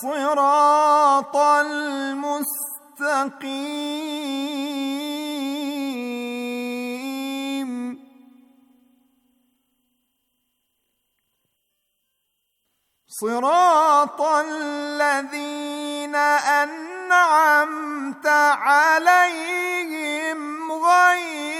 الصراط المستقيم صراط الذين أنعمت عليهم غير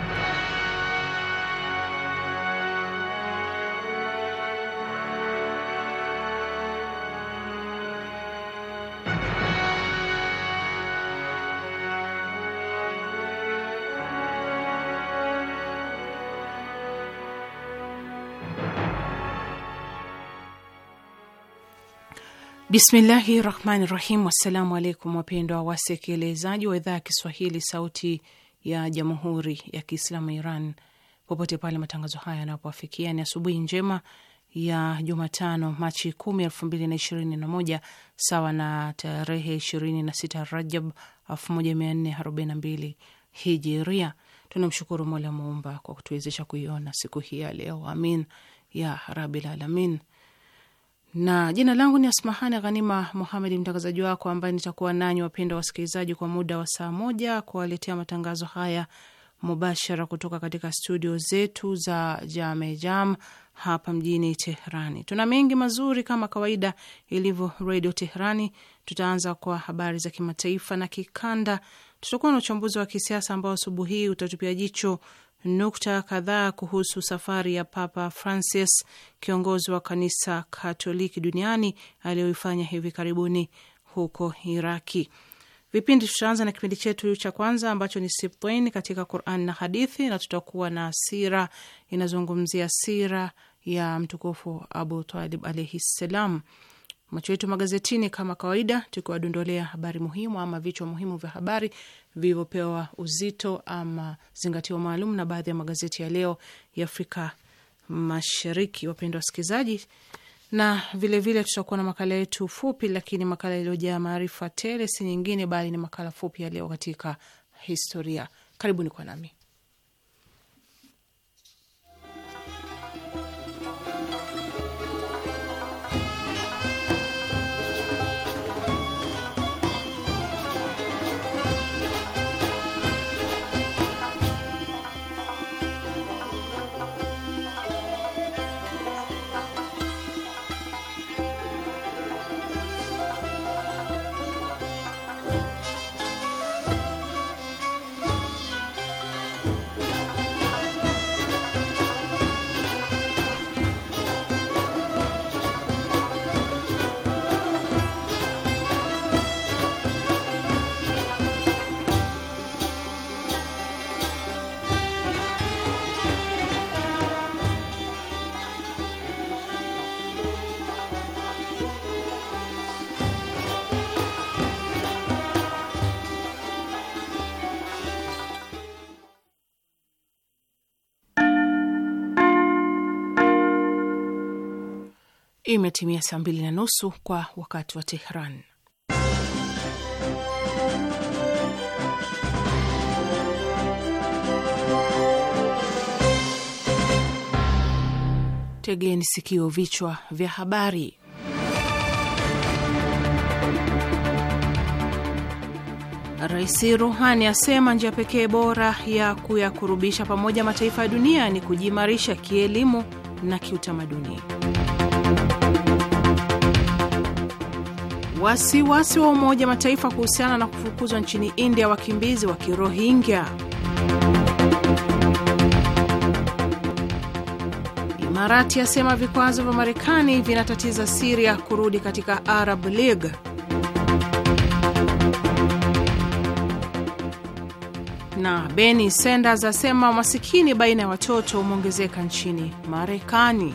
Bismillahi rahmani rahim. Wassalamu alaikum, wapendwa wasikilizaji wa idhaa ya Kiswahili sauti ya jamhuri ya Kiislamu Iran, popote pale matangazo haya yanapoafikia ni asubuhi njema ya Jumatano, Machi kumi elfu mbili na ishirini na moja sawa na tarehe ishirini na sita Rajab elfu moja mia nne arobaini na mbili Hijiria. Tunamshukuru Mola Muumba kwa kutuwezesha kuiona siku hii ya leo, amin ya rabil alamin na jina langu ni Asmahani Ghanima Muhamedi, mtangazaji wako ambaye nitakuwa nanyi wapenda wasikilizaji, kwa muda wa saa moja kuwaletea matangazo haya mubashara kutoka katika studio zetu za Jamejam hapa mjini tehrani Tuna mengi mazuri kama kawaida ilivyo redio tehrani Tutaanza kwa habari za kimataifa na kikanda, tutakuwa na uchambuzi wa kisiasa ambao asubuhi hii utatupia jicho nukta kadhaa kuhusu safari ya Papa Francis, kiongozi wa kanisa Katoliki duniani aliyoifanya hivi karibuni huko Iraki. Vipindi tutaanza na kipindi chetu cha kwanza ambacho ni Siptain katika Quran na Hadithi, na tutakuwa na sira inazungumzia sira ya mtukufu Abu Talib alaihi ssalam. Macho yetu magazetini kama kawaida, tukiwadondolea habari muhimu ama vichwa muhimu vya habari vilivyopewa uzito ama zingatio maalum na baadhi ya magazeti ya leo ya Afrika Mashariki, wapendwa wasikilizaji, na vilevile tutakuwa na makala yetu fupi, lakini makala iliyojaa maarifa tele, si nyingine bali ni makala fupi ya leo katika historia. Karibuni kwa nami Imetimia saa mbili na nusu kwa wakati wa Tehran. Tegeni sikio, vichwa vya habari. Rais Ruhani asema njia pekee bora ya kuyakurubisha pamoja mataifa ya dunia ni kujiimarisha kielimu na kiutamaduni. Wasiwasi wasi wa Umoja Mataifa kuhusiana na kufukuzwa nchini India wakimbizi wa Kirohingya. Imarati yasema vikwazo vya Marekani vinatatiza Siria kurudi katika Arab League. Na Bernie Sanders asema umasikini baina ya watoto umeongezeka nchini Marekani.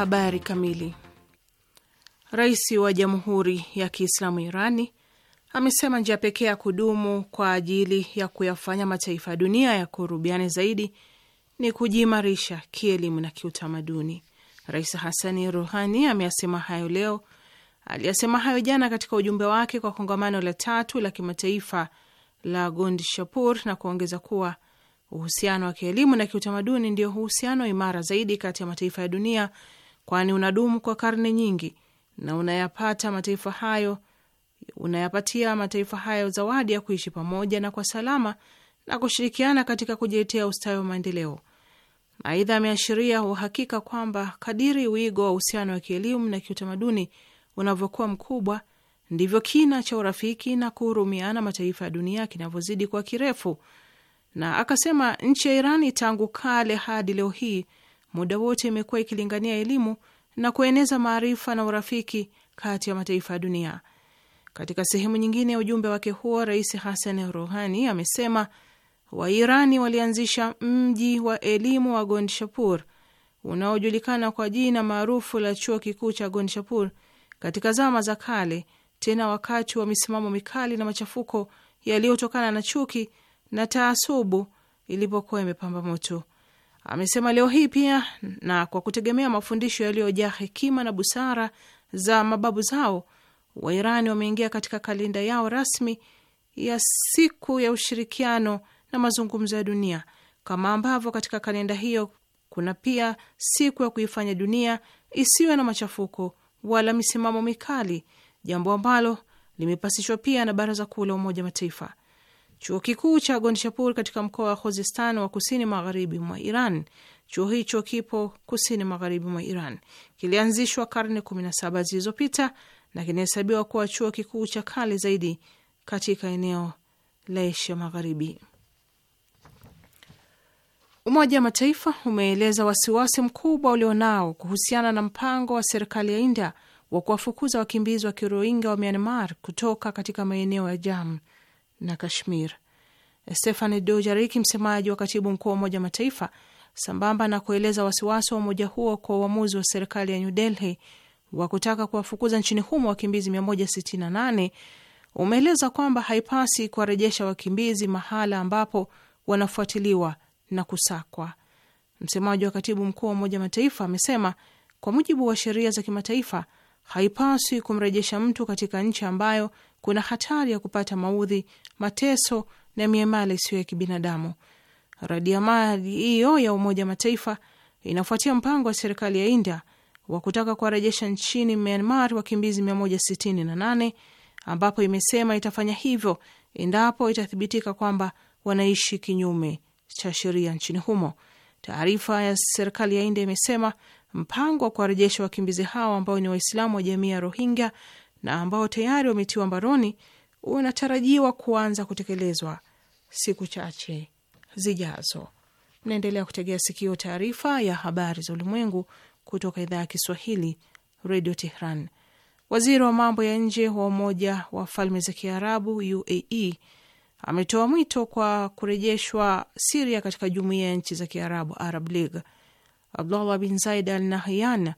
Habari kamili. Rais wa Jamhuri ya Kiislamu Irani amesema njia pekee ya kudumu kwa ajili ya kuyafanya mataifa ya dunia ya kurubiane zaidi ni kujiimarisha kielimu na kiutamaduni. Rais Hasani Ruhani ameyasema hayo leo, aliyasema hayo jana katika ujumbe wake kwa kongamano la tatu la kimataifa la Gund Shapur na kuongeza kuwa uhusiano wa kielimu na kiutamaduni ndio uhusiano imara zaidi kati ya mataifa ya dunia kwani unadumu kwa karne nyingi na unayapata mataifa hayo unayapatia mataifa hayo zawadi ya kuishi pamoja na kwa salama na kushirikiana katika kujiletea ustawi wa maendeleo. Aidha, ameashiria uhakika kwamba kadiri wigo wa uhusiano wa kielimu na kiutamaduni unavyokuwa mkubwa ndivyo kina cha urafiki na kuhurumiana mataifa ya dunia kinavyozidi kuwa kirefu, na akasema nchi ya Irani tangu kale hadi leo hii muda wote imekuwa ikilingania elimu na kueneza maarifa na urafiki kati ya mataifa ya dunia. Katika sehemu nyingine ya ujumbe wake huo, Rais Hassan Rouhani amesema Wairani walianzisha mji wa elimu wa Gondshapur unaojulikana kwa jina maarufu la chuo kikuu cha Gondshapur katika zama za kale, tena wakati wa misimamo mikali na machafuko yaliyotokana na chuki na taasubu ilipokuwa imepamba moto. Amesema leo hii pia, na kwa kutegemea mafundisho yaliyojaa hekima na busara za mababu zao, Wairani wameingia katika kalenda yao rasmi ya siku ya ushirikiano na mazungumzo ya dunia, kama ambavyo katika kalenda hiyo kuna pia siku ya kuifanya dunia isiwe na machafuko wala misimamo mikali, jambo ambalo limepasishwa pia na Baraza Kuu la Umoja Mataifa. Chuo kikuu cha Gondishapur katika mkoa wa Khuzistan wa kusini magharibi mwa Iran. Chuo hicho kipo kusini magharibi mwa Iran, kilianzishwa karne 17 zilizopita na kinahesabiwa kuwa chuo kikuu cha kale zaidi katika eneo la Asia Magharibi. Umoja wa Mataifa umeeleza wasiwasi mkubwa ulionao kuhusiana na mpango wa serikali ya India wa kuwafukuza wakimbizi wa Kirohingya wa Myanmar kutoka katika maeneo ya Jamu na Kashmir. Stephane Dujarric, msemaji wa katibu mkuu wa Umoja wa Mataifa, sambamba na kueleza wasiwasi wa umoja huo kwa uamuzi wa serikali ya New Delhi wa kutaka kuwafukuza nchini humo wakimbizi 168 umeeleza kwamba haipasi kuwarejesha wakimbizi mahala ambapo wanafuatiliwa na kusakwa. Msemaji wa katibu mkuu wa Umoja wa Mataifa amesema kwa mujibu wa sheria za kimataifa haipaswi kumrejesha mtu katika nchi ambayo kuna hatari ya kupata maudhi, mateso na miamala isiyo ya kibinadamu. Radi ya mali hiyo ya Umoja Mataifa inafuatia mpango wa serikali ya India wa kutaka kuwarejesha nchini Myanmar wakimbizi 168 ambapo imesema itafanya hivyo endapo itathibitika kwamba wanaishi kinyume cha sheria nchini humo. Taarifa ya serikali ya India imesema mpango wa kuwarejesha wakimbizi hao ambao ni Waislamu wa jamii ya Rohingya na ambao tayari wametiwa mbaroni unatarajiwa kuanza kutekelezwa siku chache zijazo. Mnaendelea kutegea sikio taarifa ya habari za ulimwengu kutoka idhaa ya Kiswahili, radio Tehran. Waziri wa mambo ya nje wa Umoja wa Falme za Kiarabu, UAE, ametoa mwito kwa kurejeshwa Siria katika Jumuiya ya Nchi za Kiarabu, Arab League. Abdullah bin Zaid Al Nahyan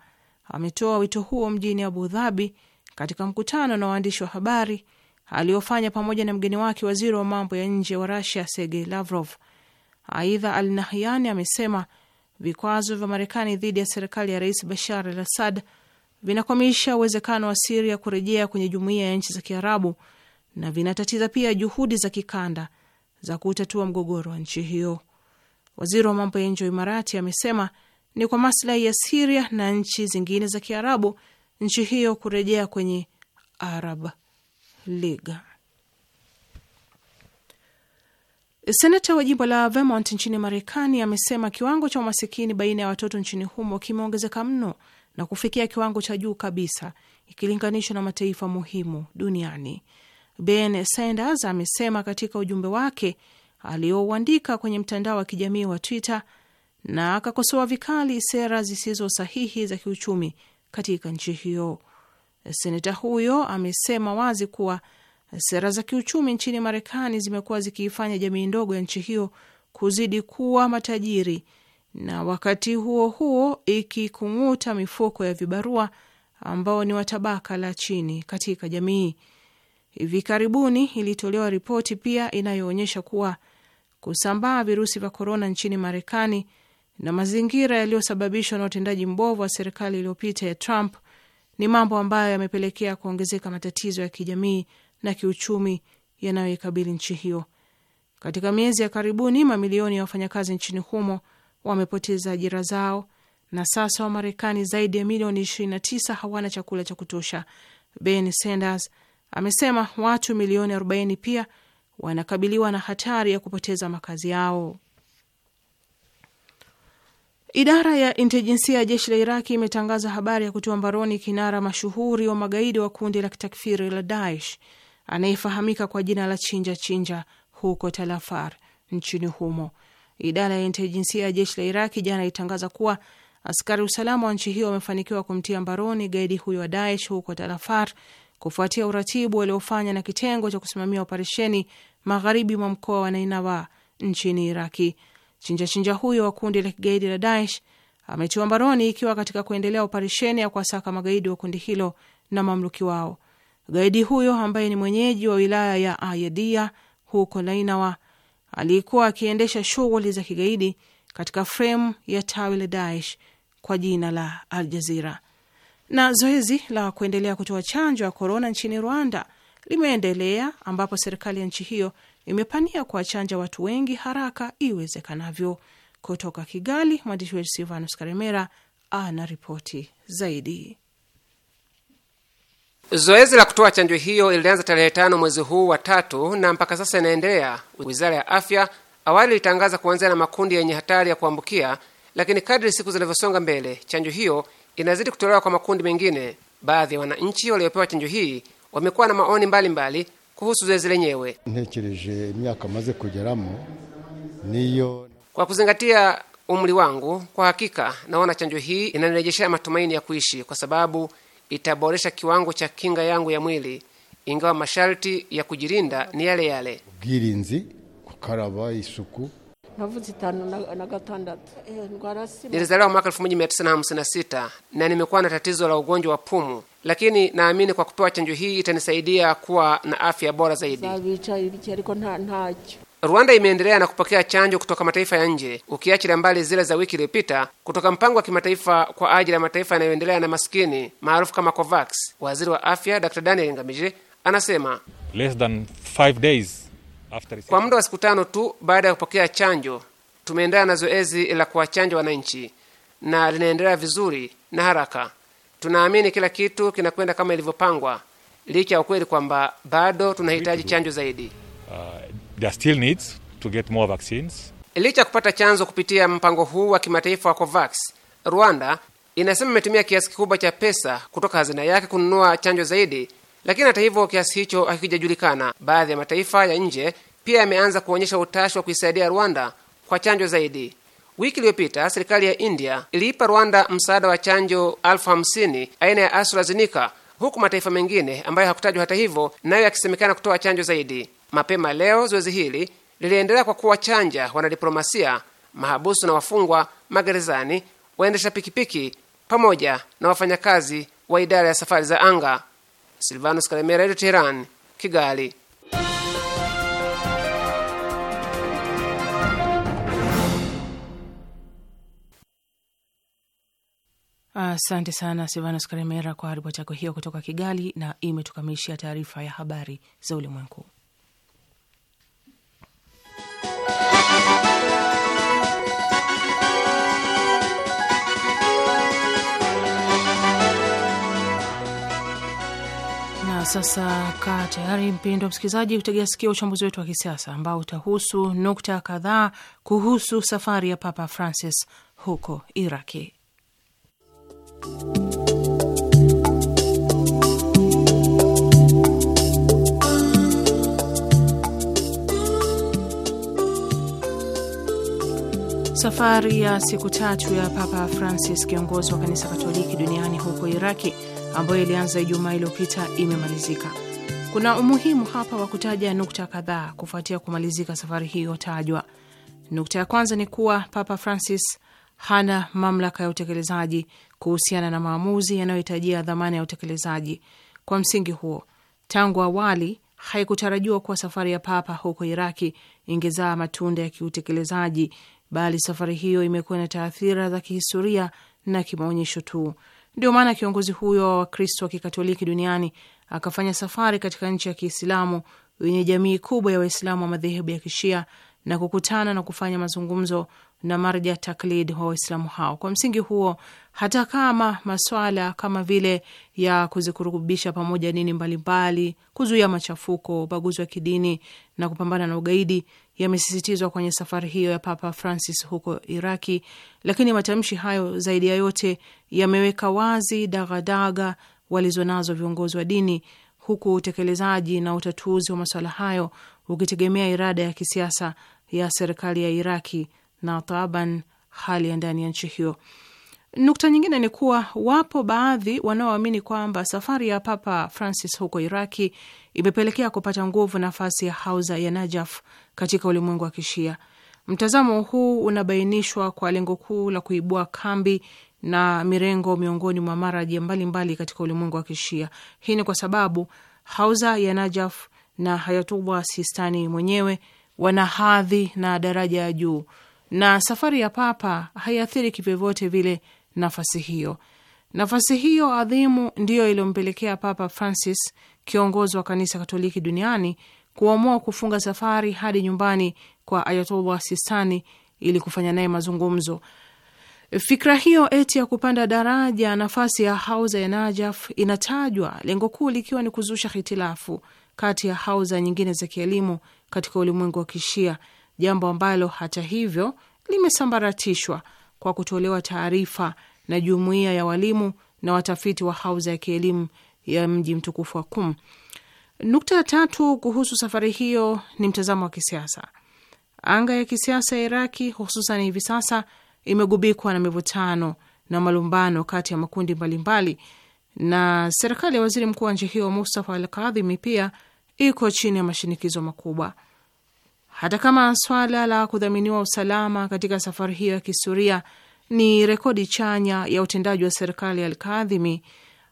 ametoa wito huo mjini Abu Dhabi katika mkutano na waandishi wa habari aliofanya pamoja na mgeni wake waziri wa mambo ya nje wa Rasia Sergei Lavrov. Aidha, Al Nahyani amesema vikwazo vya Marekani dhidi ya serikali ya Rais Bashar al Assad vinakwamisha uwezekano wa Siria kurejea kwenye jumuiya ya nchi za Kiarabu na vinatatiza pia juhudi za kikanda za kutatua mgogoro wa nchi hiyo. Waziri wa mambo ya nje wa Imarati amesema ni kwa maslahi ya Siria na nchi zingine za Kiarabu nchi hiyo kurejea kwenye Arab League. Senata wa jimbo la Vermont nchini Marekani amesema kiwango cha umasikini baina ya watoto nchini humo kimeongezeka mno na kufikia kiwango cha juu kabisa ikilinganishwa na mataifa muhimu duniani. Ben Sanders amesema katika ujumbe wake aliouandika kwenye mtandao wa kijamii wa Twitter na akakosoa vikali sera zisizo sahihi za kiuchumi katika nchi hiyo. Seneta huyo amesema wazi kuwa sera za kiuchumi nchini Marekani zimekuwa zikiifanya jamii ndogo ya nchi hiyo kuzidi kuwa matajiri na wakati huo huo ikikung'uta mifuko ya vibarua ambao ni watabaka la chini katika jamii. Hivi karibuni ilitolewa ripoti pia inayoonyesha kuwa kusambaa virusi vya korona nchini Marekani na mazingira yaliyosababishwa na utendaji mbovu wa serikali iliyopita ya Trump ni mambo ambayo yamepelekea kuongezeka matatizo ya kijamii na kiuchumi yanayoikabili nchi hiyo. Katika miezi ya karibuni, mamilioni ya wafanyakazi nchini humo wamepoteza ajira zao na sasa Wamarekani zaidi ya milioni 29 hawana chakula cha kutosha. Bernie Sanders amesema watu milioni 40 pia wanakabiliwa na hatari ya kupoteza makazi yao. Idara ya intelijensia ya jeshi la Iraki imetangaza habari ya kutiwa mbaroni kinara mashuhuri wa magaidi wa kundi la kitakfiri la Daesh anayefahamika kwa jina la Chinja Chinja huko Talafar nchini humo. Idara ya intelijensia ya jeshi la Iraki jana ilitangaza kuwa askari usalama wa nchi hiyo wamefanikiwa kumtia mbaroni gaidi huyo wa Daesh huko Talafar kufuatia uratibu waliofanya na kitengo cha kusimamia operesheni magharibi mwa mkoa wa Nainawa nchini Iraki chinja chinja huyo wa kundi la kigaidi la Daesh ametiwa mbaroni ikiwa katika kuendelea operesheni ya kuwasaka magaidi wa kundi hilo na mamluki wao. Gaidi huyo ambaye ni mwenyeji wa wilaya ya Ayadia huko lainawa alikuwa akiendesha shughuli za kigaidi katika fremu ya tawi la Daesh kwa jina la Al Jazira. Na zoezi la kuendelea kutoa chanjo ya korona nchini Rwanda limeendelea ambapo serikali ya nchi hiyo imepania kuwachanja watu wengi haraka iwezekanavyo. Kutoka Kigali, mwandishi wetu Silvanus Karemera ana ripoti zaidi. Zoezi la kutoa chanjo hiyo ilianza tarehe tano mwezi huu wa tatu na mpaka sasa inaendelea. Wizara ya afya awali ilitangaza kuanzia na makundi yenye hatari ya kuambukia, lakini kadri siku zinavyosonga mbele, chanjo hiyo inazidi kutolewa kwa makundi mengine. Baadhi ya wananchi waliopewa chanjo hii wamekuwa na maoni mbalimbali mbali, kuhusu zoezi lenyewe. Ntekereje imyaka maze kugeramo niyo, kwa kuzingatia umri wangu, kwa hakika naona chanjo hii inanirejeshea matumaini ya kuishi, kwa sababu itaboresha kiwango cha kinga yangu ya mwili, ingawa masharti ya kujilinda ni yale yale: ubwirinzi, kukaraba, isuku Nilizaliwa mwaka 1956 na nimekuwa na tatizo la ugonjwa wa pumu lakini naamini kwa kupewa chanjo hii itanisaidia kuwa na afya bora zaidi. Rwanda imeendelea na kupokea chanjo kutoka mataifa ya nje, ukiachilia mbali zile za wiki iliyopita kutoka mpango wa kimataifa kwa ajili ya mataifa yanayoendelea na maskini maarufu kama COVAX. Waziri wa afya Dr Daniel Ngamije anasema Less than five days after... kwa muda wa siku tano tu baada ya kupokea chanjo tumeendelea na zoezi la kuwachanja wananchi na linaendelea vizuri na haraka tunaamini kila kitu kinakwenda kama ilivyopangwa, licha ya ukweli kwamba bado tunahitaji chanjo zaidi. Uh, there still needs to get more vaccines. Licha ya kupata chanzo kupitia mpango huu wa kimataifa wa COVAX, Rwanda inasema imetumia kiasi kikubwa cha pesa kutoka hazina yake kununua chanjo zaidi, lakini hata hivyo kiasi hicho hakijajulikana. Baadhi ya mataifa ya nje pia yameanza kuonyesha utashi wa kuisaidia Rwanda kwa chanjo zaidi. Wiki iliyopita serikali ya India iliipa Rwanda msaada wa chanjo elfu hamsini aina ya AstraZeneca, huku mataifa mengine ambayo hakutajwa hata hivyo nayo yakisemekana kutoa chanjo zaidi. Mapema leo zoezi hili liliendelea kwa kuwachanja wanadiplomasia, mahabusu na wafungwa magerezani, waendesha pikipiki pamoja na wafanyakazi wa idara ya safari za anga. Silvanus Kalemera, Teheran, Kigali. Asante sana Silvanus Karemera kwa ripoti yako hiyo kutoka Kigali, na imetukamilishia taarifa ya habari za ulimwengu. Sasa kaa tayari mpendo msikilizaji, utegea sikia uchambuzi wetu wa kisiasa ambao utahusu nukta kadhaa kuhusu safari ya Papa Francis huko Iraki. Safari ya siku tatu ya Papa Francis, kiongozi wa kanisa Katoliki duniani huko Iraki, ambayo ilianza Ijumaa iliyopita imemalizika. Kuna umuhimu hapa wa kutaja nukta kadhaa kufuatia kumalizika safari hiyo tajwa. Nukta ya kwanza ni kuwa Papa Francis hana mamlaka ya utekelezaji kuhusiana na maamuzi yanayohitajia dhamana ya utekelezaji. Kwa msingi huo, tangu awali haikutarajiwa kuwa safari ya Papa huko Iraki ingezaa matunda ya kiutekelezaji, bali safari hiyo imekuwa na taathira za kihistoria na kimaonyesho tu. Ndio maana kiongozi huyo wa Wakristo wa Kikatoliki duniani akafanya safari katika nchi ya Kiislamu yenye jamii kubwa ya Waislamu wa madhehebu ya Kishia na kukutana na kufanya mazungumzo na marja taklid wa Waislamu hao. Kwa msingi huo, hata kama maswala kama vile ya kuzikurubisha pamoja dini mbalimbali, kuzuia machafuko, ubaguzi wa kidini na kupambana na ugaidi yamesisitizwa kwenye safari hiyo ya Papa Francis huko Iraki, lakini matamshi hayo zaidi ya yote yameweka wazi dagadaga walizonazo viongozi wa dini, huku utekelezaji na utatuzi wa maswala hayo ukitegemea irada ya kisiasa ya serikali ya Iraki na taaban hali ya ndani ya nchi hiyo. Nukta nyingine ni kuwa wapo baadhi wanaoamini kwamba safari ya Papa Francis huko Iraki imepelekea kupata nguvu nafasi ya hauza ya Najaf katika ulimwengu wa Kishia. Mtazamo huu unabainishwa kwa lengo kuu la kuibua kambi na mirengo miongoni mwa maraji mbalimbali katika ulimwengu wa Kishia. Hii ni kwa sababu hauza ya Najaf na Hayatullah Sistani mwenyewe wana hadhi na daraja ya juu, na safari ya papa haiathiri kivyovyote vile nafasi hiyo. Nafasi hiyo adhimu ndiyo iliyompelekea Papa Francis, kiongozi wa kanisa Katoliki duniani, kuamua kufunga safari hadi nyumbani kwa Ayatollah Sistani ili kufanya naye mazungumzo. Fikra hiyo eti ya kupanda daraja nafasi ya hauza ya Najaf inatajwa, lengo kuu likiwa ni kuzusha hitilafu kati ya hauza nyingine za kielimu katika ulimwengu wa Kishia, jambo ambalo hata hivyo limesambaratishwa kwa kutolewa taarifa na jumuiya ya walimu na watafiti wa hauza ya kielimu ya mji mtukufu wa Kum. Nukta ya tatu kuhusu safari hiyo ni mtazamo wa kisiasa. Anga ya kisiasa ya Iraki hususan hivi sasa imegubikwa na mivutano na malumbano kati ya makundi mbalimbali mbali na serikali ya waziri mkuu wa nchi hiyo Mustafa Al Kadhimi pia iko chini ya mashinikizo makubwa. Hata kama swala la kudhaminiwa usalama katika safari hiyo ya kihistoria ni rekodi chanya ya utendaji wa serikali ya Alkadhimi,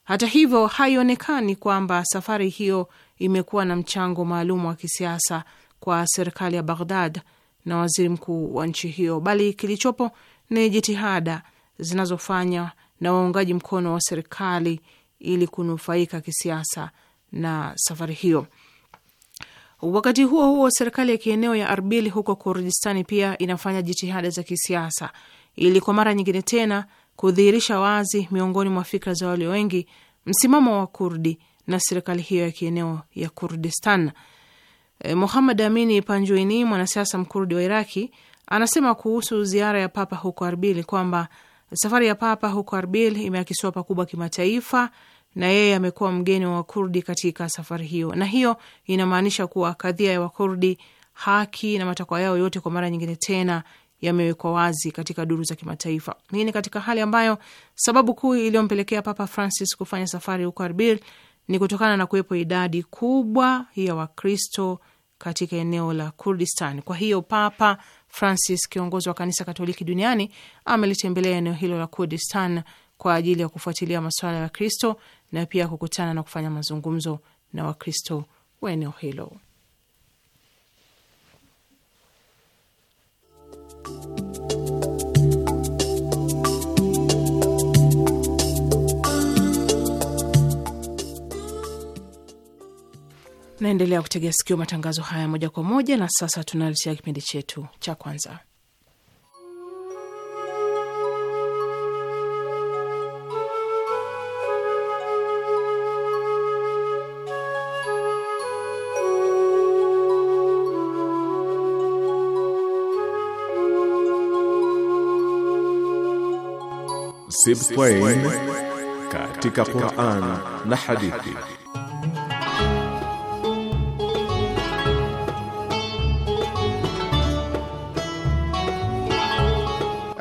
hata hivyo haionekani kwamba safari hiyo imekuwa na mchango maalum wa kisiasa kwa serikali ya Baghdad na waziri mkuu wa nchi hiyo, bali kilichopo ni jitihada zinazofanya na waungaji mkono wa serikali ili kunufaika kisiasa na safari hiyo. Wakati huo huo, serikali ya kieneo ya Arbil huko Kurdistani pia inafanya jitihada za kisiasa ili kwa mara nyingine tena kudhihirisha wazi miongoni mwa fikra za walio wengi msimamo wa Kurdi na serikali hiyo ya kieneo ya Kurdistan. E, Muhamad Amini Panjuini, mwanasiasa mkurdi wa Iraki, anasema kuhusu ziara ya Papa huko Arbili kwamba Safari ya Papa huko Arbil imeakisiwa pakubwa kimataifa na yeye amekuwa mgeni wa Wakurdi katika safari hiyo, na hiyo inamaanisha kuwa kadhia ya Wakurdi, haki na matakwa yao yote kwa mara nyingine tena yamewekwa wazi katika duru za kimataifa. Hii ni katika hali ambayo sababu kuu iliyompelekea Papa Francis kufanya safari huko Arbil ni kutokana na kuwepo idadi kubwa ya Wakristo katika eneo la Kurdistan. Kwa hiyo Papa Francis, kiongozi wa kanisa Katoliki duniani, amelitembelea eneo hilo la Kurdistan kwa ajili ya kufuatilia masuala ya Wakristo na pia kukutana na kufanya mazungumzo na Wakristo wa eneo hilo. Naendelea kutegea sikio matangazo haya moja kwa moja, na sasa tunaletea kipindi chetu cha kwanza, Sibtain katika Quran na hadithi.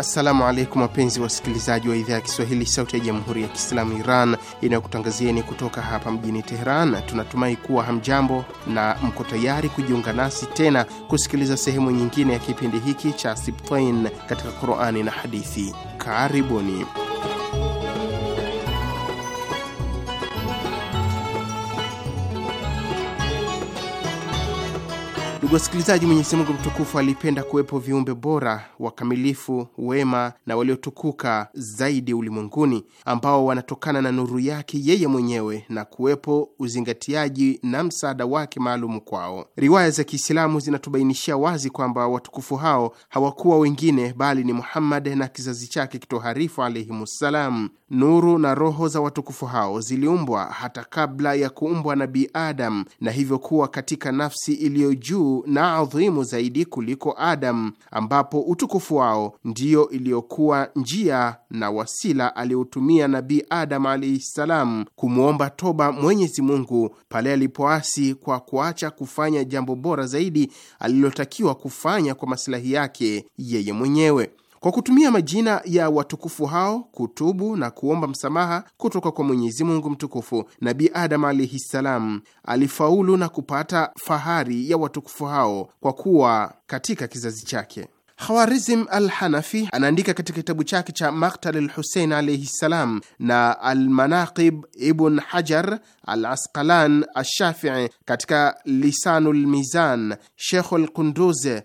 Assalamu alaikum wapenzi wasikilizaji wa idhaa ya Kiswahili sauti ya jamhuri ya kiislamu Iran inayokutangazieni kutoka hapa mjini Teheran. Tunatumai kuwa hamjambo na mko tayari kujiunga nasi tena kusikiliza sehemu nyingine ya kipindi hiki cha Sibtain katika Qurani na Hadithi. Karibuni. Ndugu wasikilizaji, Mwenyezi Mungu mtukufu alipenda kuwepo viumbe bora wakamilifu, wema na waliotukuka zaidi ulimwenguni ambao wanatokana na nuru yake yeye mwenyewe na kuwepo uzingatiaji na msaada wake maalum kwao. Riwaya za Kiislamu zinatubainishia wazi kwamba watukufu hao hawakuwa wengine bali ni Muhammad na kizazi chake kitoharifu alaihimussalam. Nuru na roho za watukufu hao ziliumbwa hata kabla ya kuumbwa Nabii Adam na hivyo kuwa katika nafsi iliyo juu na adhimu zaidi kuliko Adamu, ambapo utukufu wao ndiyo iliyokuwa njia na wasila aliyotumia Nabii Adamu alaihi salam kumwomba toba Mwenyezi Mungu pale alipoasi kwa kuacha kufanya jambo bora zaidi alilotakiwa kufanya kwa masilahi yake yeye mwenyewe. Kwa kutumia majina ya watukufu hao kutubu na kuomba msamaha kutoka kwa Mwenyezi Mungu mtukufu, Nabi Adam alaihi ssalam alifaulu na kupata fahari ya watukufu hao kwa kuwa katika kizazi chake. Khawarizm Al-Hanafi anaandika katika kitabu chake cha Maktal lhusein husein alayhi ssalam na Al-Manaqib, Ibn Hajar Al-Asqalan ashafii katika Lisanu Lmizan, Shekhu al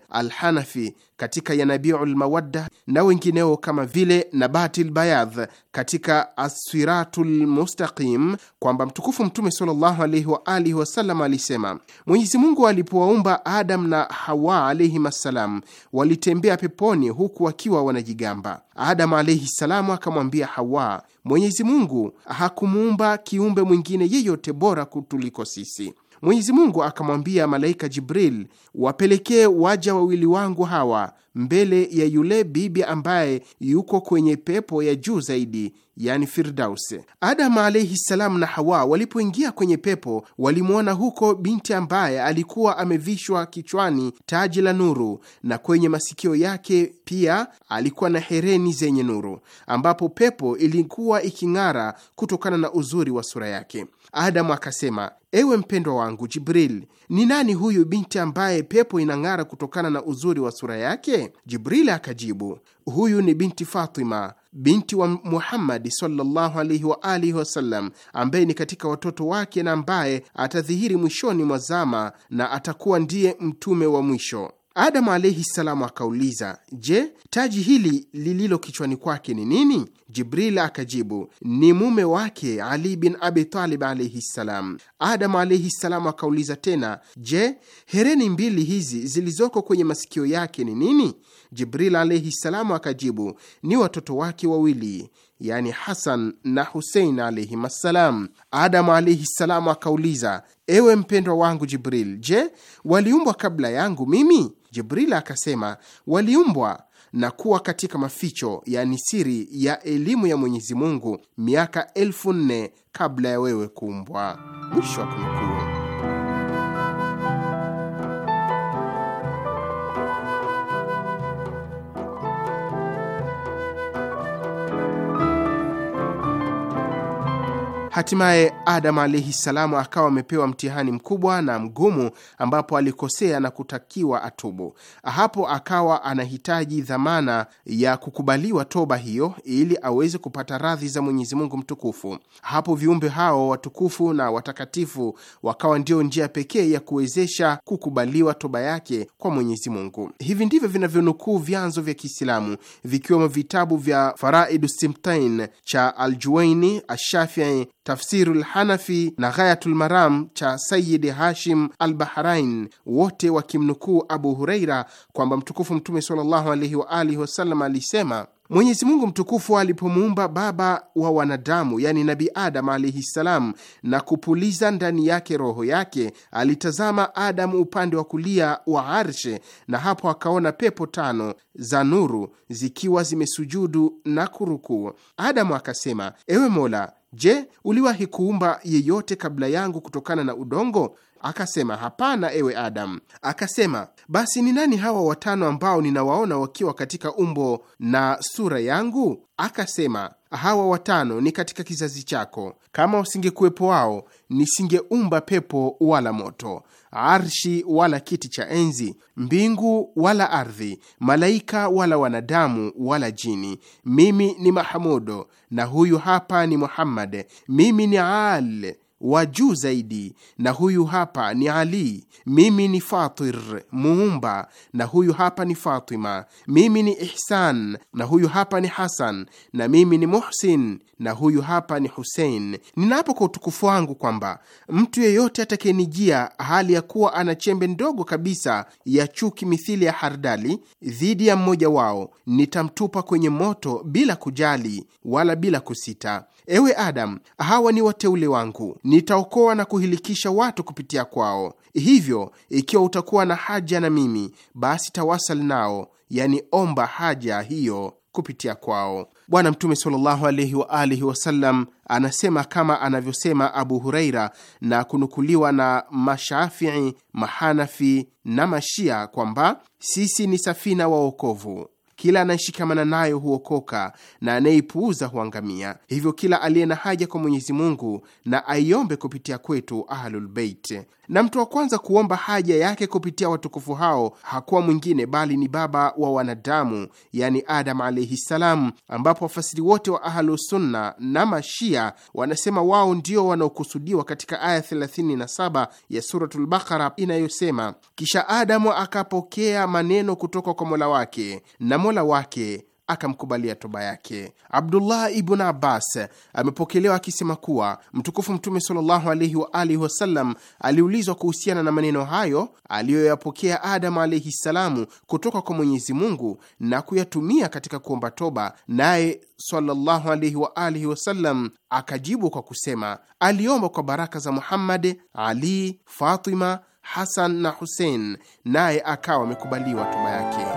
Al-Hanafi katika yanabiu lmawadda na wengineo kama vile Nabatil Bayadh katika asiratu lmustaqim kwamba mtukufu Mtume sallallahu alaihi wa alihi wasallam alisema, Mwenyezi Mungu alipowaumba Adam na Hawa alaihim assalam, walitembea peponi huku wakiwa wanajigamba. Adam alaihi salamu akamwambia Hawa, Mwenyezi Mungu hakumuumba kiumbe mwingine yeyote bora kutuliko sisi. Mwenyezi Mungu akamwambia malaika Jibril, wapelekee waja wawili wangu hawa mbele ya yule bibi ambaye yuko kwenye pepo ya juu zaidi, yani Firdaus. Adamu alaihi salam na Hawa walipoingia kwenye pepo walimwona huko binti ambaye alikuwa amevishwa kichwani taji la nuru na kwenye masikio yake pia alikuwa na hereni zenye nuru, ambapo pepo ilikuwa iking'ara kutokana na uzuri wa sura yake. Adamu akasema, ewe mpendwa wangu Jibril, ni nani huyu binti ambaye pepo inang'ara kutokana na uzuri wa sura yake? Jibril akajibu, huyu ni binti Fatima binti wa Muhammadi sallallahu alaihi wa alihi wasallam, ambaye ni katika watoto wake na ambaye atadhihiri mwishoni mwa zama na atakuwa ndiye mtume wa mwisho. Adamu alaihi salamu akauliza, je, taji hili lililo kichwani kwake ni nini? Jibril akajibu, ni mume wake Ali bin Abi Talib alaihi ssalam. adamu alaihi ssalam akauliza tena, je, hereni mbili hizi zilizoko kwenye masikio yake ni nini? Jibril alaihi ssalam akajibu, ni watoto wake wawili Yani Hasan na Husein alaihim assalam. Adamu alaihi ssalamu akauliza, ewe mpendwa wangu Jibril, je, waliumbwa kabla yangu mimi? Jibril akasema, waliumbwa na kuwa katika maficho, yani siri ya elimu ya Mwenyezi Mungu miaka elfu nne kabla ya wewe kuumbwa. Mwisho wa kunukuu. Hatimaye adamu alaihi salamu akawa amepewa mtihani mkubwa na mgumu, ambapo alikosea na kutakiwa atubu. Hapo akawa anahitaji dhamana ya kukubaliwa toba hiyo ili aweze kupata radhi za Mwenyezi Mungu mtukufu. Hapo viumbe hao watukufu na watakatifu wakawa ndio njia pekee ya kuwezesha kukubaliwa toba yake kwa Mwenyezi Mungu. Hivi ndivyo vinavyonukuu vyanzo vya Kiislamu vikiwemo vitabu vya Faraidu Simtain cha Aljuwaini Ashafii Tafsiru lhanafi na ghayatulmaram cha sayidi Hashim al Bahrain, wote wakimnukuu Abu Hureira kwamba mtukufu Mtume sallallahu alaihi wasallam alisema Mwenyezi Mungu mtukufu alipomuumba baba wa wanadamu, yani Nabi Adam alaihi ssalam, na kupuliza ndani yake roho yake, alitazama Adamu upande wa kulia wa arshe, na hapo akaona pepo tano za nuru zikiwa zimesujudu na kurukuu. Adamu akasema, ewe Mola, Je, uliwahi kuumba yeyote kabla yangu kutokana na udongo? Akasema, hapana, ewe Adamu. Akasema, basi ni nani hawa watano ambao ninawaona wakiwa katika umbo na sura yangu? Akasema, hawa watano ni katika kizazi chako. Kama wasingekuwepo wao, nisingeumba pepo wala moto, arshi wala kiti cha enzi, mbingu wala ardhi, malaika wala wanadamu wala jini. Mimi ni Mahamudo, na huyu hapa ni Muhammad. Mimi ni Al, wa juu zaidi, na huyu hapa ni Ali, mimi ni Fatir muumba, na huyu hapa ni Fatima, mimi ni Ihsan, na huyu hapa ni Hasan, na mimi ni Muhsin na huyu hapa ni Husein. ninapo kwa utukufu wangu kwamba mtu yeyote atakayenijia hali ya kuwa ana chembe ndogo kabisa ya chuki mithili ya hardali dhidi ya mmoja wao, nitamtupa kwenye moto bila kujali wala bila kusita. Ewe Adam, hawa ni wateule wangu, nitaokoa na kuhilikisha watu kupitia kwao. Hivyo ikiwa utakuwa na haja na mimi, basi tawasal nao, yani omba haja hiyo kupitia kwao. Bwana Mtume sallallahu alaihi wa alihi wasallam anasema kama anavyosema Abu Huraira na kunukuliwa na Mashafii, Mahanafi na Mashia kwamba sisi ni safina waokovu kila anayeshikamana nayo huokoka na anayeipuuza huangamia. Hivyo kila aliye na haja kwa Mwenyezi Mungu na aiombe kupitia kwetu Ahlulbeit. Na mtu wa kwanza kuomba haja yake kupitia watukufu hao hakuwa mwingine bali ni baba wa wanadamu, yani Adam alaihi salam, ambapo wafasiri wote wa Ahlusunna na Mashia wanasema wao ndio wanaokusudiwa katika aya 37 ya Suratul Bakara inayosema, kisha Adamu akapokea maneno kutoka kwa mola wake na mola wake akamkubalia toba yake. Abdullah ibn Abbas amepokelewa akisema kuwa mtukufu Mtume sallallahu alaihi wa alihi wasallam aliulizwa kuhusiana na maneno hayo aliyoyapokea Adamu alaihi ssalamu kutoka kwa Mwenyezi Mungu na kuyatumia katika kuomba toba, naye sallallahu alaihi wa alihi wasallam akajibu kwa kusema, aliomba kwa baraka za Muhammad, Ali, Fatima, Hasan na Husein, naye akawa amekubaliwa toba yake.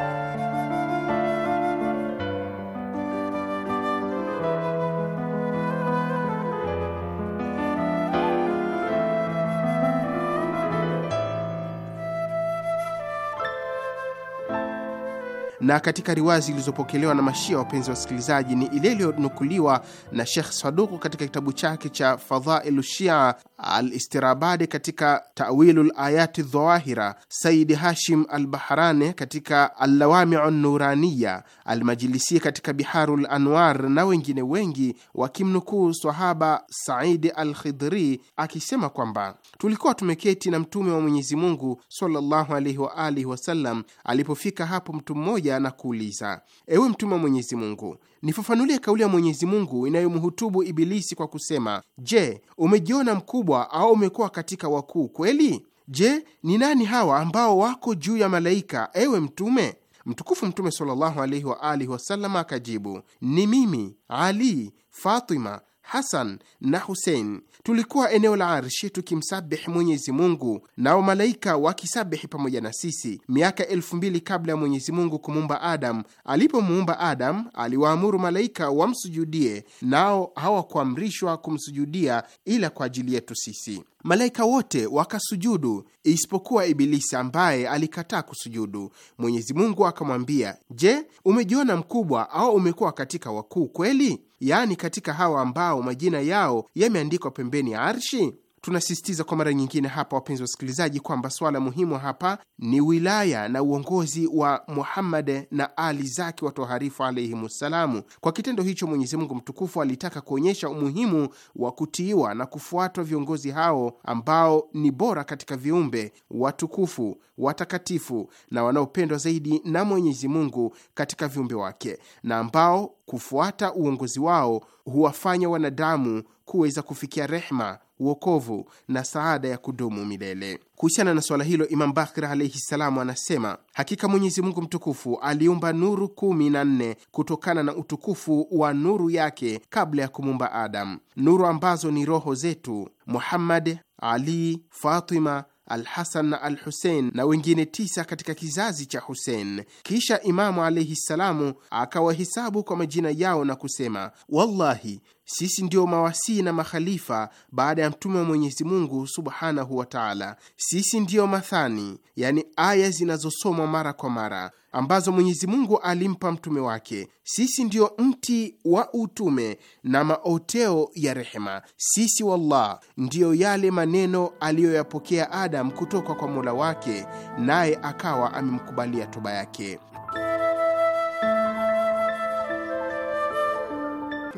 na katika riwaya zilizopokelewa na Mashia, wapenzi wasikilizaji, ni ile iliyonukuliwa na Shekh Saduku katika kitabu chake cha Fadhailu Shia, Al-Istirabadi katika Tawilu Layati Dhawahira, Saidi Hashim Al-Bahrani katika Allawamiu Nuraniya, Almajilisi katika Biharu Lanwar na wengine wengi wakimnukuu sahaba Saidi Al-Khidri akisema kwamba tulikuwa tumeketi na Mtume wa Mwenyezi Mungu sallallahu alaihi wa alihi wasallam, alipofika hapo mtu mmoja na kuuliza, ewe mtume wa Mwenyezi Mungu, nifafanulie kauli ya Mwenyezi Mungu inayomhutubu Ibilisi kwa kusema, je, umejiona mkubwa au umekuwa katika wakuu kweli? Je, ni nani hawa ambao wako juu ya malaika, ewe mtume? Mtukufu Mtume sallallahu alaihi wa alihi wasallam akajibu, ni mimi Ali, Fatima, Hasan na Husein Tulikuwa eneo la arshi tukimsabihi Mwenyezi Mungu, nao malaika wakisabihi pamoja na sisi, miaka elfu mbili kabla ya Mwenyezi Mungu kumuumba Adam. Alipomuumba Adam, aliwaamuru malaika wamsujudie, nao hawakuamrishwa kumsujudia ila kwa ajili yetu sisi. Malaika wote wakasujudu isipokuwa Ibilisi ambaye alikataa kusujudu. Mwenyezi Mungu akamwambia, Je, umejiona mkubwa au umekuwa katika wakuu kweli? Yaani katika hawa ambao majina yao yameandikwa pembeni ya arshi. Tunasisitiza kwa mara nyingine hapa, wapenzi wa wasikilizaji, kwamba swala muhimu hapa ni wilaya na uongozi wa Muhammad na ali zake watoharifu alaihimussalamu. Kwa kitendo hicho, Mwenyezi Mungu mtukufu alitaka kuonyesha umuhimu wa kutiiwa na kufuatwa viongozi hao ambao ni bora katika viumbe watukufu, watakatifu na wanaopendwa zaidi na Mwenyezi Mungu katika viumbe wake na ambao kufuata uongozi wao huwafanya wanadamu kuweza kufikia rehma uokovu na saada ya kudumu milele. Kuhusiana na suala hilo, Imam Bakir alaihi ssalamu anasema hakika Mwenyezi Mungu mtukufu aliumba nuru kumi na nne kutokana na utukufu wa nuru yake kabla ya kumumba Adamu, nuru ambazo ni roho zetu Muhammad, Ali, Fatima alhasan na al Husein na wengine tisa katika kizazi cha Husein. Kisha Imamu alaihi ssalamu akawahesabu kwa majina yao na kusema, wallahi sisi ndio mawasii na makhalifa baada ya mtume wa Mwenyezi Mungu subhanahu wa taala. Sisi ndiyo mathani, yani aya zinazosomwa mara kwa mara ambazo Mwenyezi Mungu alimpa mtume wake. Sisi ndio mti wa utume na maoteo ya rehema. Sisi wallah, ndiyo yale maneno aliyoyapokea Adam kutoka kwa Mola wake, naye akawa amemkubalia toba yake.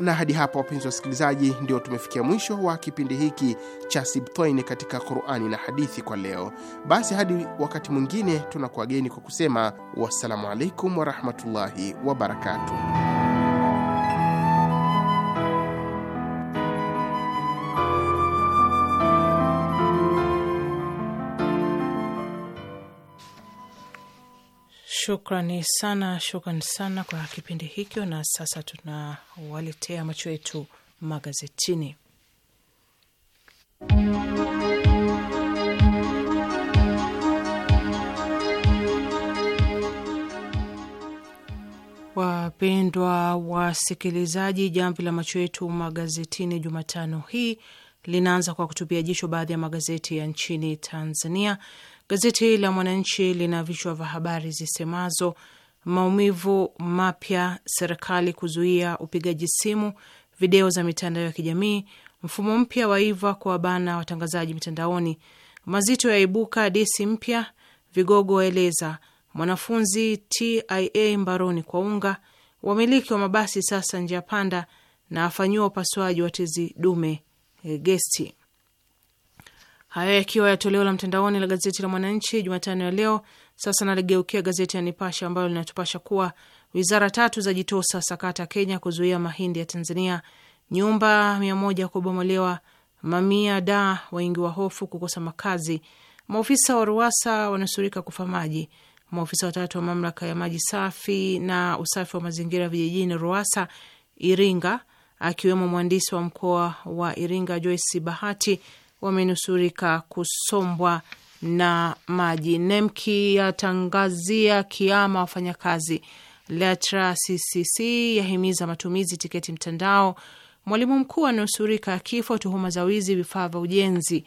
Na hadi hapa, wapenzi wa wasikilizaji, ndio tumefikia mwisho wa kipindi hiki cha Sibtoin katika Qurani na hadithi kwa leo. Basi hadi wakati mwingine, tunakuwageni kwa kusema wassalamu alaikum warahmatullahi wabarakatuh. Shukrani sana, shukrani sana kwa kipindi hicho. Na sasa tunawaletea macho yetu magazetini. Wapendwa wasikilizaji, jamvi la macho yetu magazetini Jumatano hii linaanza kwa kutupia jicho baadhi ya magazeti ya nchini Tanzania Gazeti la Mwananchi lina vichwa vya habari zisemazo: maumivu mapya, serikali kuzuia upigaji simu, video za mitandao ya kijamii, mfumo mpya wa iva kwa bana watangazaji mitandaoni, mazito yaibuka, disi mpya, vigogo waeleza, mwanafunzi TIA mbaroni kwa unga, wamiliki wa mabasi sasa njia panda, na afanyiwa upasuaji wa tezi dume eh, gesti. Hayo yakiwa ya toleo la mtandaoni la gazeti la Mwananchi Jumatano ya leo. Sasa naligeukia gazeti ya Nipasha ambalo linatupasha kuwa wizara tatu za jitosa sakata Kenya kuzuia mahindi ya Tanzania, nyumba mia moja kubomolewa, mamia da waingiwa hofu kukosa makazi, maofisa wa Ruwasa wanasurika kufa maji, maofisa watatu wa mamlaka ya maji safi na usafi wa mazingira vijijini Ruwasa Iringa, akiwemo mhandisi wa mkoa wa Iringa Joyce Bahati wamenusurika kusombwa na maji. Nemki yatangazia kiama wafanyakazi. Letra CCC yahimiza matumizi tiketi mtandao. Mwalimu mkuu anusurika kifo tuhuma za wizi vifaa vya ujenzi.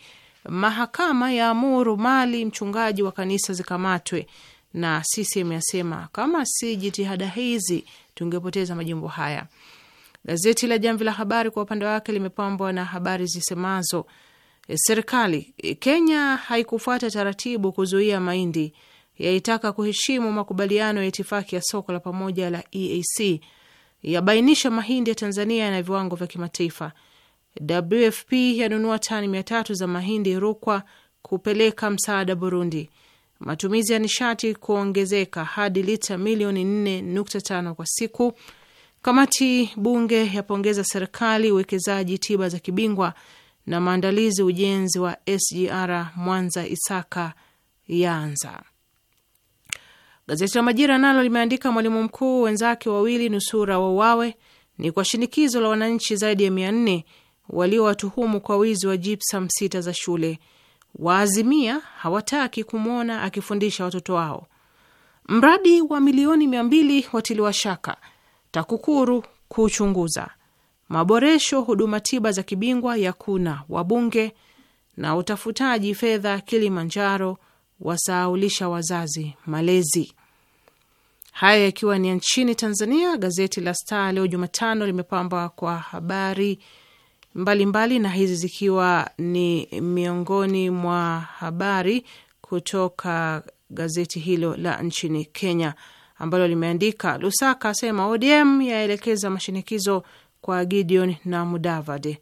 Mahakama ya amuru mali mchungaji wa kanisa zikamatwe. Na CCM yasema kama si jitihada hizi tungepoteza majimbo haya. Gazeti la Jamvi la Habari kwa upande wake limepambwa na habari zisemazo E, serikali e, Kenya haikufuata taratibu kuzuia mahindi, yaitaka kuheshimu makubaliano ya itifaki ya soko la pamoja la EAC, yabainisha mahindi ya Tanzania na viwango vya kimataifa. WFP yanunua tani mia tatu za mahindi Rukwa kupeleka msaada Burundi. Matumizi ya nishati kuongezeka hadi lita milioni 4.5 kwa siku. Kamati bunge yapongeza serikali uwekezaji tiba za kibingwa na maandalizi ujenzi wa SGR Mwanza Isaka yaanza. Gazeti la Majira nalo limeandika mwalimu mkuu wenzake wawili nusura wauawe ni kwa shinikizo la wananchi zaidi ya mia nne waliowatuhumu kwa wizi wa jipsam sita za shule. Waazimia hawataki kumwona akifundisha watoto wao. Mradi wa milioni mia mbili watiliwa shaka, TAKUKURU kuuchunguza maboresho huduma tiba za kibingwa yakuna wabunge na utafutaji fedha Kilimanjaro wasaulisha wazazi malezi. Hayo yakiwa ni nchini Tanzania. Gazeti la Star leo Jumatano limepambwa kwa habari mbalimbali mbali, na hizi zikiwa ni miongoni mwa habari kutoka gazeti hilo la nchini Kenya ambalo limeandika Lusaka asema ODM yaelekeza mashinikizo kwa Gideon na Mudavadi.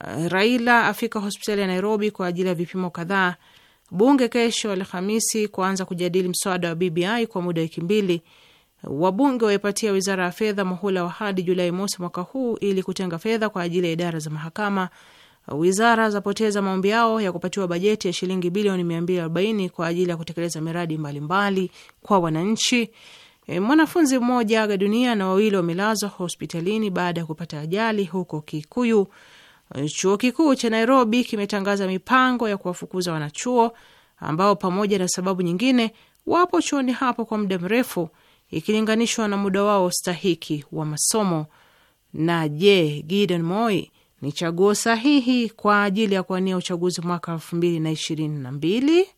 Uh, Raila afika hospitali ya Nairobi kwa ajili ya vipimo kadhaa. Bunge kesho Alhamisi kuanza kujadili mswada wa BBI kwa muda wiki mbili. Wabunge waipatia wizara ya fedha muhula wa hadi Julai mosi mwaka huu ili kutenga fedha kwa ajili ya idara za mahakama. Wizara zapoteza maombi yao ya kupatiwa bajeti ya shilingi bilioni 240 kwa ajili ya kutekeleza miradi mbalimbali mbali kwa wananchi. E, mwanafunzi mmoja aga dunia na wawili wamelazwa hospitalini baada ya kupata ajali huko Kikuyu. E, chuo kikuu cha Nairobi kimetangaza mipango ya kuwafukuza wanachuo ambao pamoja na sababu nyingine wapo chuoni hapo kwa muda mrefu ikilinganishwa na muda wao stahiki wa masomo. Na je, Gideon Moi ni chaguo sahihi kwa ajili ya kuwania uchaguzi mwaka elfu mbili na ishirini na mbili?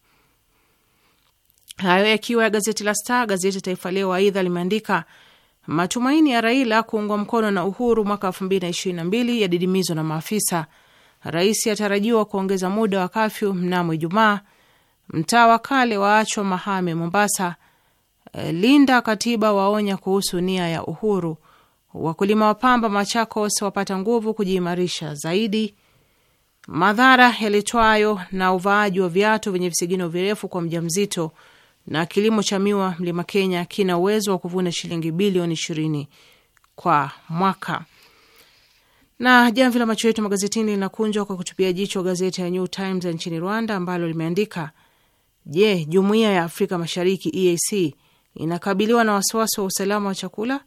Hayo yakiwa ya gazeti la Star. Gazeti Taifa Leo aidha limeandika matumaini ya Raila kuungwa mkono na Uhuru mwaka elfu mbili na ishirini na mbili yadidimizwa na maafisa. Rais atarajiwa kuongeza muda wa kafyu mnamo Ijumaa. Mtaa wa kale waachwa mahame Mombasa. Eh, Linda katiba waonya kuhusu nia ya Uhuru. Wakulima wa pamba Machakos wapata nguvu kujiimarisha zaidi. Madhara yalitwayo na uvaaji wa viatu vyenye visigino virefu kwa mjamzito na kilimo cha miwa mlima Kenya kina uwezo wa kuvuna shilingi bilioni ishirini kwa mwaka. Na jamvi la macho yetu magazetini linakunjwa kwa kutupia jicho gazeti ya New Times ya nchini Rwanda ambalo limeandika Je, jumuiya ya Afrika Mashariki EAC inakabiliwa na wasiwasi wa usalama wa chakula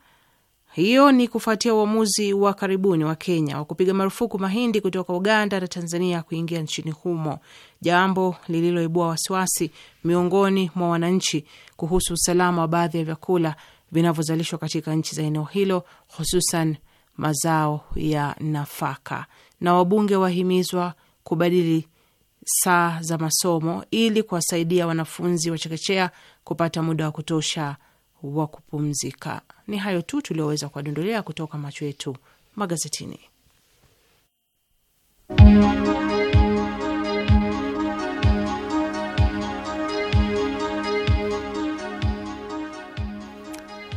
hiyo ni kufuatia uamuzi wa karibuni wa Kenya wa kupiga marufuku mahindi kutoka Uganda na Tanzania kuingia nchini humo, jambo lililoibua wasiwasi miongoni mwa wananchi kuhusu usalama wa baadhi ya vyakula vinavyozalishwa katika nchi za eneo hilo, hususan mazao ya nafaka. Na wabunge wahimizwa kubadili saa za masomo ili kuwasaidia wanafunzi wa chekechea kupata muda wa kutosha wa kupumzika. Ni hayo tu tulioweza kuwadondolea kutoka macho yetu magazetini.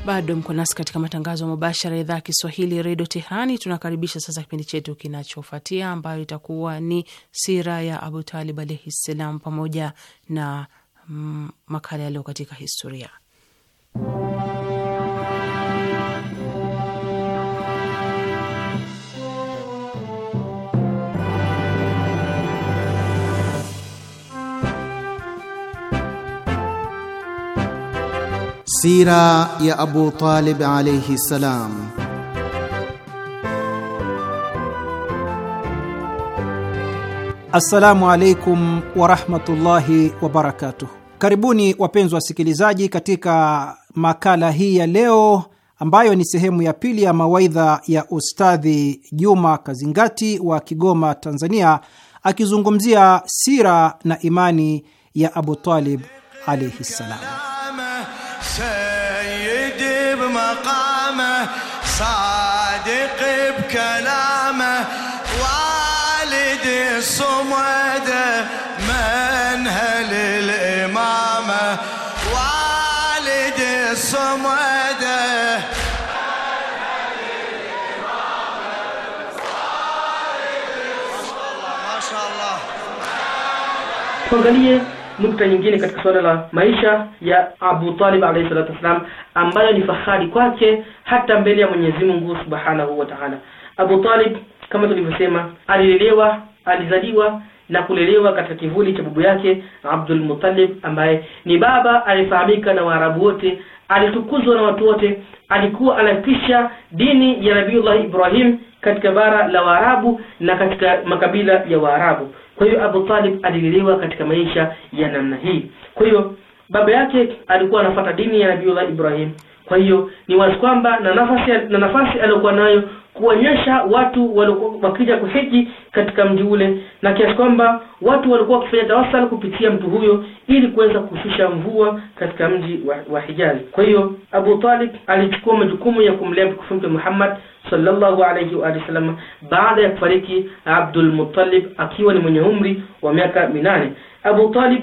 Bado mko nasi katika matangazo mubashara ya idhaa ya Kiswahili redio Tehrani. Tunakaribisha sasa kipindi chetu kinachofuatia, ambayo itakuwa ni sira ya Abu Talib alaihi ssalam, pamoja na mm, makala yaliyo katika historia Sira ya Abu Talib alayhi salam. Assalamu alaikum warahmatullahi wabarakatuh. Karibuni wapenzi wasikilizaji, katika makala hii ya leo ambayo ni sehemu ya pili ya mawaidha ya Ustadhi Juma Kazingati wa Kigoma, Tanzania, akizungumzia sira na imani ya Abu Talib alaihi ssalam. tuangalie nukta nyingine katika suala la maisha ya abu talib alayhi salatu wasalam, ambayo ni fahari kwake hata mbele ya mwenyezi mungu subhanahu wa taala abu talib kama tulivyosema alilelewa alizaliwa na kulelewa katika kivuli cha babu yake Abdul Muttalib ambaye ni baba alifahamika na Waarabu wote alitukuzwa na watu wote, alikuwa anapisha dini ya Nabiiullah Ibrahim katika bara la Waarabu na katika makabila ya Waarabu. Kwa hiyo Abu Talib alilelewa katika maisha ya namna hii. Kwa hiyo baba yake alikuwa anafuata dini ya Nabiiullah Ibrahim. Kwa hiyo ni wazi kwamba na nafasi na nafasi aliyokuwa nayo kuonyesha watu wakija kuhiji katika mji ule na kiasi kwamba watu walikuwa wakifanya tawasal kupitia mtu huyo ili kuweza kushusha mvua katika mji wa, wa hijazi kwa hiyo abu talib alichukua majukumu ya kumlea mtukufu mtume muhammad sallallahu alayhi wa sallam baada ya kufariki abdul muttalib akiwa ni mwenye umri wa miaka minane abu talib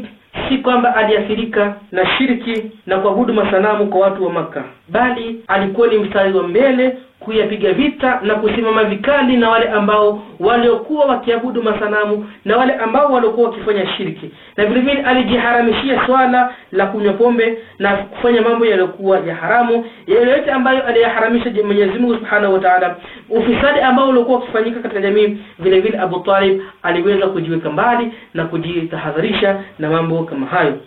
si kwamba aliathirika na shirki na kuabudu masanamu kwa watu wa Maka, bali alikuwa ni mstari wa mbele kuyapiga vita na kusimama vikali na wale ambao waliokuwa wakiabudu masanamu na wale ambao waliokuwa wakifanya shirki, na vile vile alijiharamishia swala la kunywa pombe na kufanya mambo yaliyokuwa ya haramu, yale yote ambayo aliyaharamisha Mwenyezi Mungu Subhanahu wa Ta'ala. Ufisadi ambao ulikuwa ukifanyika katika jamii, vile vile Abu Talib aliweza kujiweka mbali na kujitahadharisha na mambo kama hayo.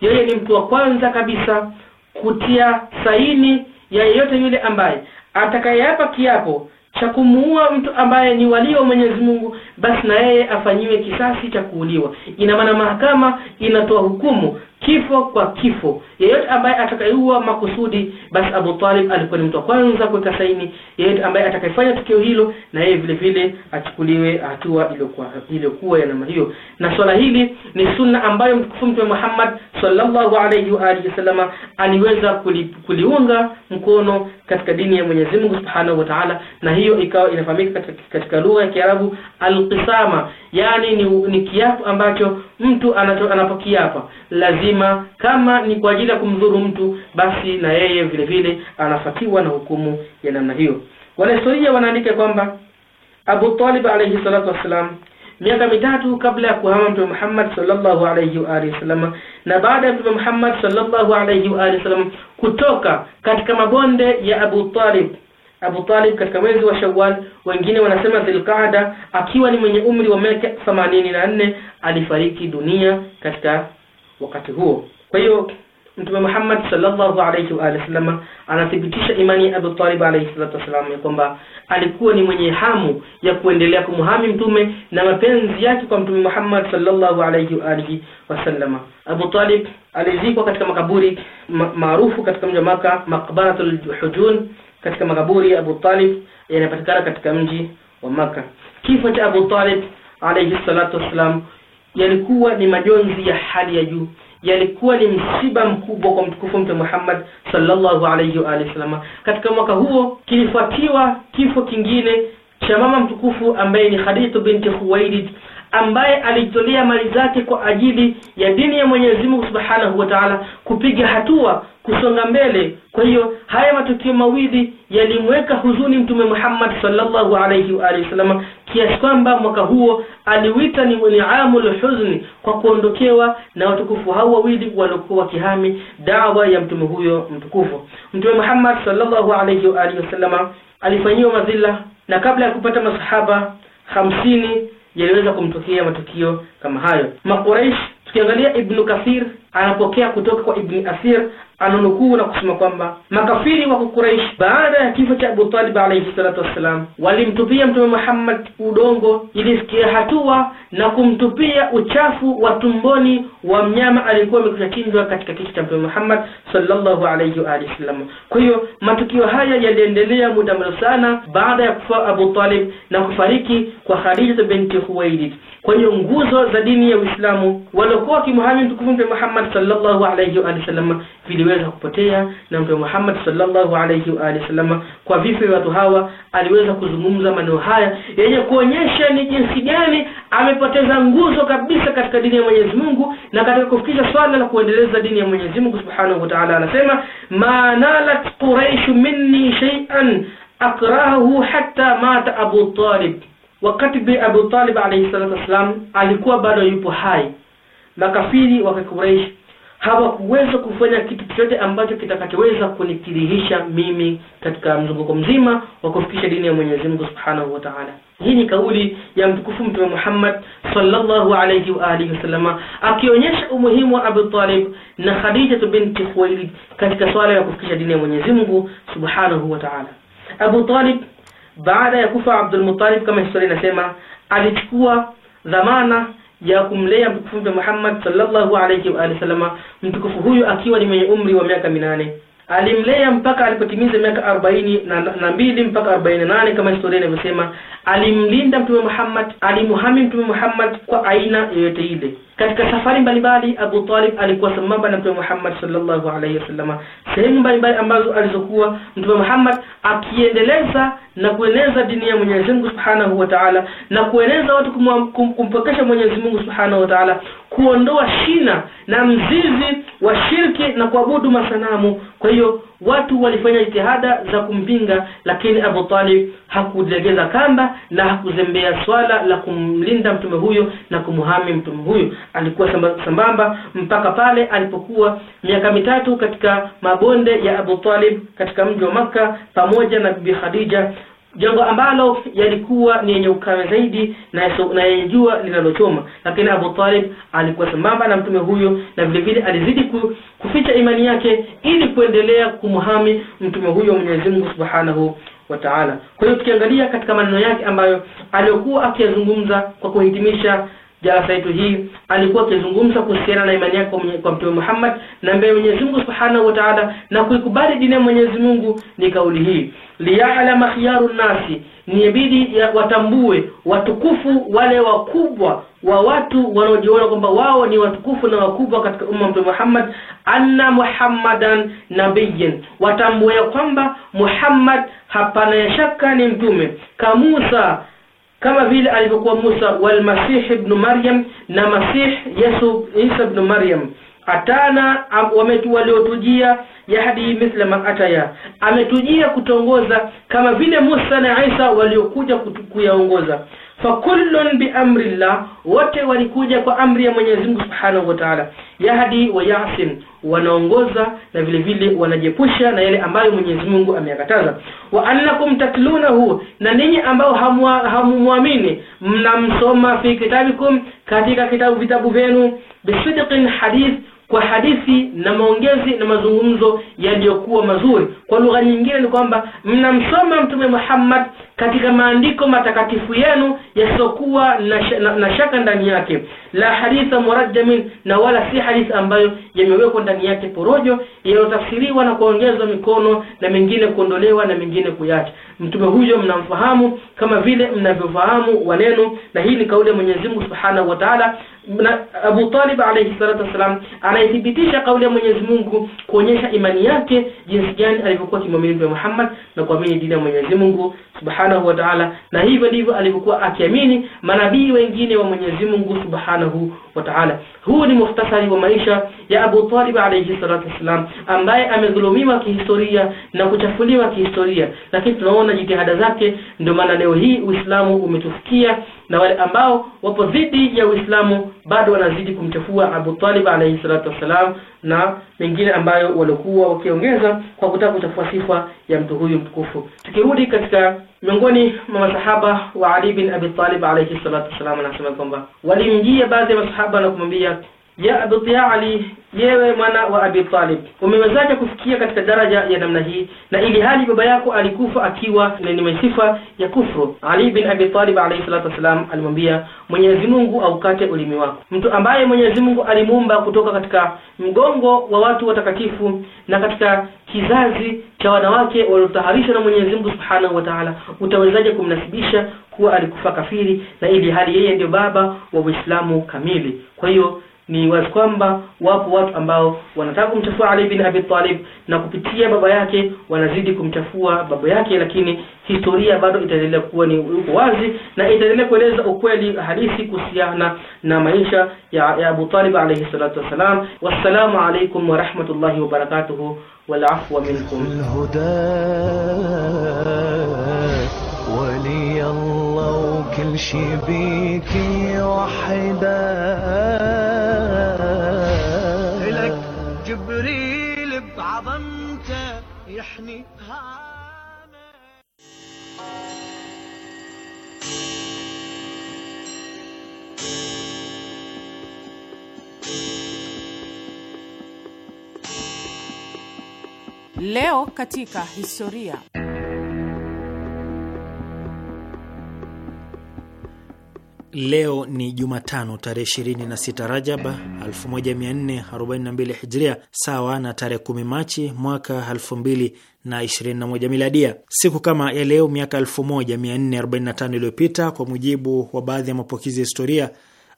Yeye ni mtu wa kwanza kabisa kutia saini ya yeyote yule ambaye atakayeapa kiapo cha kumuua mtu ambaye ni walio wa Mwenyezi Mungu, basi na yeye afanyiwe kisasi cha kuuliwa. Ina maana mahakama inatoa hukumu kifo kwa kifo. Yeyote ambaye atakayeua makusudi, basi Abu Talib alikuwa ni mtu wa kwanza kuweka saini. Yeyote ambaye atakayefanya tukio hilo, na yeye vile vile achukuliwe hatua iliyokuwa iliyokuwa ya namna hiyo. Na swala hili ni sunna ambayo mtukufu Mtume Muhammad sallallahu alayhi wa alihi wasallam aliweza kuli, kuliunga mkono katika dini ya Mwenyezi Mungu Subhanahu wa Ta'ala, na hiyo ikawa inafahamika katika, katika lugha ya Kiarabu alqisama, yani ni, ni kiapo ambacho mtu anacho, anapokiapa lazima, kama ni kwa ajili ya kumdhuru mtu, basi na yeye vile vile anafatiwa na hukumu ya namna hiyo. Wanahistoria wanaandika kwamba Abu Talib alayhi salatu wassalam miaka mitatu kabla ya kuhama mtume Muhammad sallallahu alayhi wa alihi wasallam na baada ya mtume Muhammad sallallahu alayhi wa alihi wasallam kutoka katika mabonde ya Abu Talib Abu Talib katika mwezi wa Shawwal, wengine wanasema Dhulqaada, akiwa ni mwenye umri wa miaka 84 alifariki dunia katika wakati huo. Kwa hiyo Mtume Muhammad sallallahu alayhi wa sallam anathibitisha imani ya Abu Talib alayhi salatu wasallam ya kwamba alikuwa ni mwenye hamu ya kuendelea kumhami mtume na mapenzi yake kwa Mtume Muhammad sallallahu alayhi wa alihi wasallam. Abu Talib alizikwa katika makaburi maarufu katika mji wa Maka, Maqbaratul Hujun. Katika makaburi ya Abu Talib yanapatikana katika mji wa Maka. Kifo cha Abu Talib alayhi salatu wasallam yalikuwa ni majonzi ya hali ya juu yalikuwa ni msiba mkubwa kwa mtukufu Mtume Muhammad sallallahu alayhi wa alihi wasallam. Katika mwaka huo kilifuatiwa kifo kingine cha mama mtukufu ambaye ni Khadija binti Khuwailid ambaye alijitolea mali zake kwa ajili ya dini ya Mwenyezi Mungu Subhanahu wa Ta'ala, kupiga hatua kusonga mbele kwa hiyo haya matukio mawili yalimweka huzuni mtume muhammad salllahu alaihi waalihi wasalama kiasi kwamba mwaka huo aliwita ni niamu lhuzni kwa kuondokewa na watukufu hao wawili waliokuwa wakihami dawa ya mtume huyo mtukufu mtume muhammad salllahu alaihi waalihi wasalama alifanyiwa madhila na kabla ya kupata masahaba hamsini yaliweza kumtokea matukio kama hayo makuraish tukiangalia ibnu kathir anapokea kutoka kwa Ibni Athir ananukuu na kusema kwamba makafiri wa Quraysh baada ya kifo cha Abu Talib alayhi salatu wassalam, walimtupia Mtume Muhammad udongo, ilifikia hatua na kumtupia uchafu wa tumboni wa mnyama aliyekuwa amekusha chinjwa katika kichwa cha Mtume Muhammad sallallahu alayhi wa alihi wasallam. Kwa hiyo matukio haya yaliendelea muda mrefu sana baada ya kufa Abu Talib na kufariki kwa Khadija binti Khuwailid. Kwa hiyo nguzo za dini ya Uislamu waliokuwa wakimhami mtukufu Mtume Muhammad Muhammad sallallahu alayhi wa sallam viliweza kupotea na Mtume Muhammad sallallahu alayhi wa sallam kwa vifo vya watu hawa aliweza kuzungumza maneno haya yenye kuonyesha ni jinsi gani amepoteza nguzo kabisa katika dini ya Mwenyezi Mungu na katika kufikisha swala la kuendeleza dini ya Mwenyezi Mungu Subhanahu wa Ta'ala anasema ma nalat quraish minni shay'an akrahu hatta mata Abu Talib wakati bi Abu Talib alayhi salatu wasalam alikuwa bado yupo hai makafiri wa Quraysh hawakuweza kufanya kitu chochote ambacho kitakachoweza kunikirihisha mimi katika mzunguko mzima wa kufikisha dini ya Mwenyezi Mungu Subhanahu wa Ta'ala. Hii ni kauli ya mtukufu Mtume Muhammad sallallahu alayhi wa alihi wasallam akionyesha umuhimu wa Abu Talib na Khadija binti Khuwailid katika swala ya kufikisha dini ya Mwenyezi Mungu Subhanahu wa Ta'ala. Abu Talib baada ya kufa Abdul Muttalib, kama historia inasema, alichukua dhamana ya kumlea mtume Muhammad sallallahu alayhi wa sallama mtukufu huyu akiwa ni mwenye umri wa miaka minane alimlea mpaka alipotimiza miaka arobaini na mbili mpaka arobaini na nane kama historia inavyosema. Alimlinda Mtume Muhammad, alimuhami Mtume Muhammad kwa aina yoyote ile. Katika safari mbalimbali, Abu Talib alikuwa sambamba na Mtume Muhammad salllahu alaihi wasalama sehemu mbalimbali ambazo alizokuwa Mtume Muhammad akiendeleza na kueneza dini ya Mwenyezi Mungu Subhanahu wa Ta'ala, na kueneza watu kumpokesha Mwenyezi Mungu Subhanahu wa Ta'ala, kuondoa shina na mzizi washirki na kuabudu masanamu kwa hiyo watu walifanya jitihada za kumpinga lakini Abu Talib hakulegeza kamba na hakuzembea swala la kumlinda mtume huyo na kumhami mtume huyo alikuwa sambamba mpaka pale alipokuwa miaka mitatu katika mabonde ya Abu Talib katika mji wa makka pamoja na bibi Khadija jambo ambalo yalikuwa ni yenye ukame zaidi na so, na yenye jua linalochoma lakini Abu Talib alikuwa sambamba na mtume huyo na vile vile alizidi ku, kuficha imani yake ili kuendelea kumhami mtume huyo Mwenyezi Mungu Subhanahu wa Ta'ala kwa hiyo tukiangalia katika maneno yake ambayo aliyokuwa akiyazungumza kwa kuhitimisha darasa yetu hii alikuwa akizungumza kuhusiana na imani yako kwa mtume Muhammad na mbele Mwenyezi Mungu Subhanahu wa Ta'ala na kuikubali dini ya Mwenyezi Mungu ni kauli hii liya'lama khiyaru nasi ni ibidi watambue watukufu wale wakubwa wa watu wanaojiona kwamba wao ni watukufu na wakubwa katika umma mtume Muhammad anna Muhammadan nabiyyan watambue kwamba Muhammad hapana shaka ni mtume kamusa Musa kama vile alivyokuwa Musa Masih ibn Maryam na Masih Yesu Isa ibn Maryam atana waliotujia yahdi mithla ma ataya ametujia kutongoza kama vile Musa na Isa waliokuja kuyaongoza fakullun biamrillah wote walikuja kwa amri ya mwenyezi mungu subhanahu wa taala yahdi wa yasin wanaongoza na vile vile wanajepusha na yale ambayo mwenyezi mungu ameyakataza wa annakum tatlunahu na ninyi ambao hamumwamini mnamsoma fi kitabikum katika kitabu vitabu vyenu bisidqin hadith kwa hadithi na maongezi na mazungumzo yaliyokuwa mazuri kwa lugha nyingine ni kwamba mnamsoma mtume muhammad katika maandiko matakatifu yenu yasiokuwa na, sh na, na shaka ndani yake la haditha murajamin na wala si hadith ambayo yamewekwa ndani yake porojo yanayotafsiriwa na kuongezwa mikono na mengine kuondolewa na mengine kuyacha mtume huyo mnamfahamu kama vile mnavyofahamu wanenu na hii ni kauli ya mwenyezi mungu subhanahu wa taala abu talib alayhi salatu wassalam anaithibitisha kauli ya mwenyezi mungu kuonyesha imani yake jinsi gani alivyokuwa kimwamini muhammad na kuamini dini ya mwenyezi mungu subhanahu subhanahu wa ta'ala na hivyo ndivyo alivyokuwa akiamini manabii wengine wa Mwenyezi Mungu subhanahu wa taala. huu ni muhtasari wa maisha ya abu talib alayhi salatu wassalam ambaye amedhulumiwa kihistoria na kuchafuliwa kihistoria lakini tunaona jitihada zake ndio maana leo hii uislamu umetufikia na wale ambao wapo dhidi ya uislamu bado wanazidi kumchafua abu talib alayhi salatu wassalam na mengine ambayo walikuwa wakiongeza kwa kutaka kuchafua sifa ya mtu huyu mtukufu tukirudi katika miongoni mwa masahaba wa ali bin abi talib alayhi salatu wassalam anasema kwamba walimjia baadhi ya حابب أن أقوم بيك ya Abi Ali, yewe mwana wa Abi Talib, umewezaje kufikia katika daraja ya namna hii, na ili hali baba yako alikufa akiwa ni sifa ya kufru? Ali bin Abi Talib alayhi salatu wasalam alimwambia, Mwenyezi Mungu aukate ulimi wako. Mtu ambaye Mwenyezi Mungu alimuumba kutoka katika mgongo wa watu watakatifu na katika kizazi cha wanawake waliotaharishwa na Mwenyezi Mungu subhanahu wa taala, utawezaje kumnasibisha kuwa alikufa kafiri, na ili hali yeye ndio baba wa Uislamu kamili? Kwa hiyo ni wazi kwamba wapo watu ambao wanataka kumchafua Ali bin Abi Talib na kupitia baba yake wanazidi kumchafua baba yake, lakini historia bado itaendelea kuwa ni uko wazi na itaendelea kueleza ukweli halisi kuhusiana na maisha ya, ya Abu Talib alayhi salatu wassalam. Wassalamu alaykum wa rahmatullahi wa barakatuhu wal afwa minkum ولي الله وكل شي بيكي وحده Leo katika historia. Leo ni Jumatano tarehe 26 Rajab 1442 Hijria, sawa na tarehe 10 Machi mwaka 2021 Miladia. Siku kama ya leo miaka 1445 iliyopita, kwa mujibu wa baadhi ya mapokezi ya historia,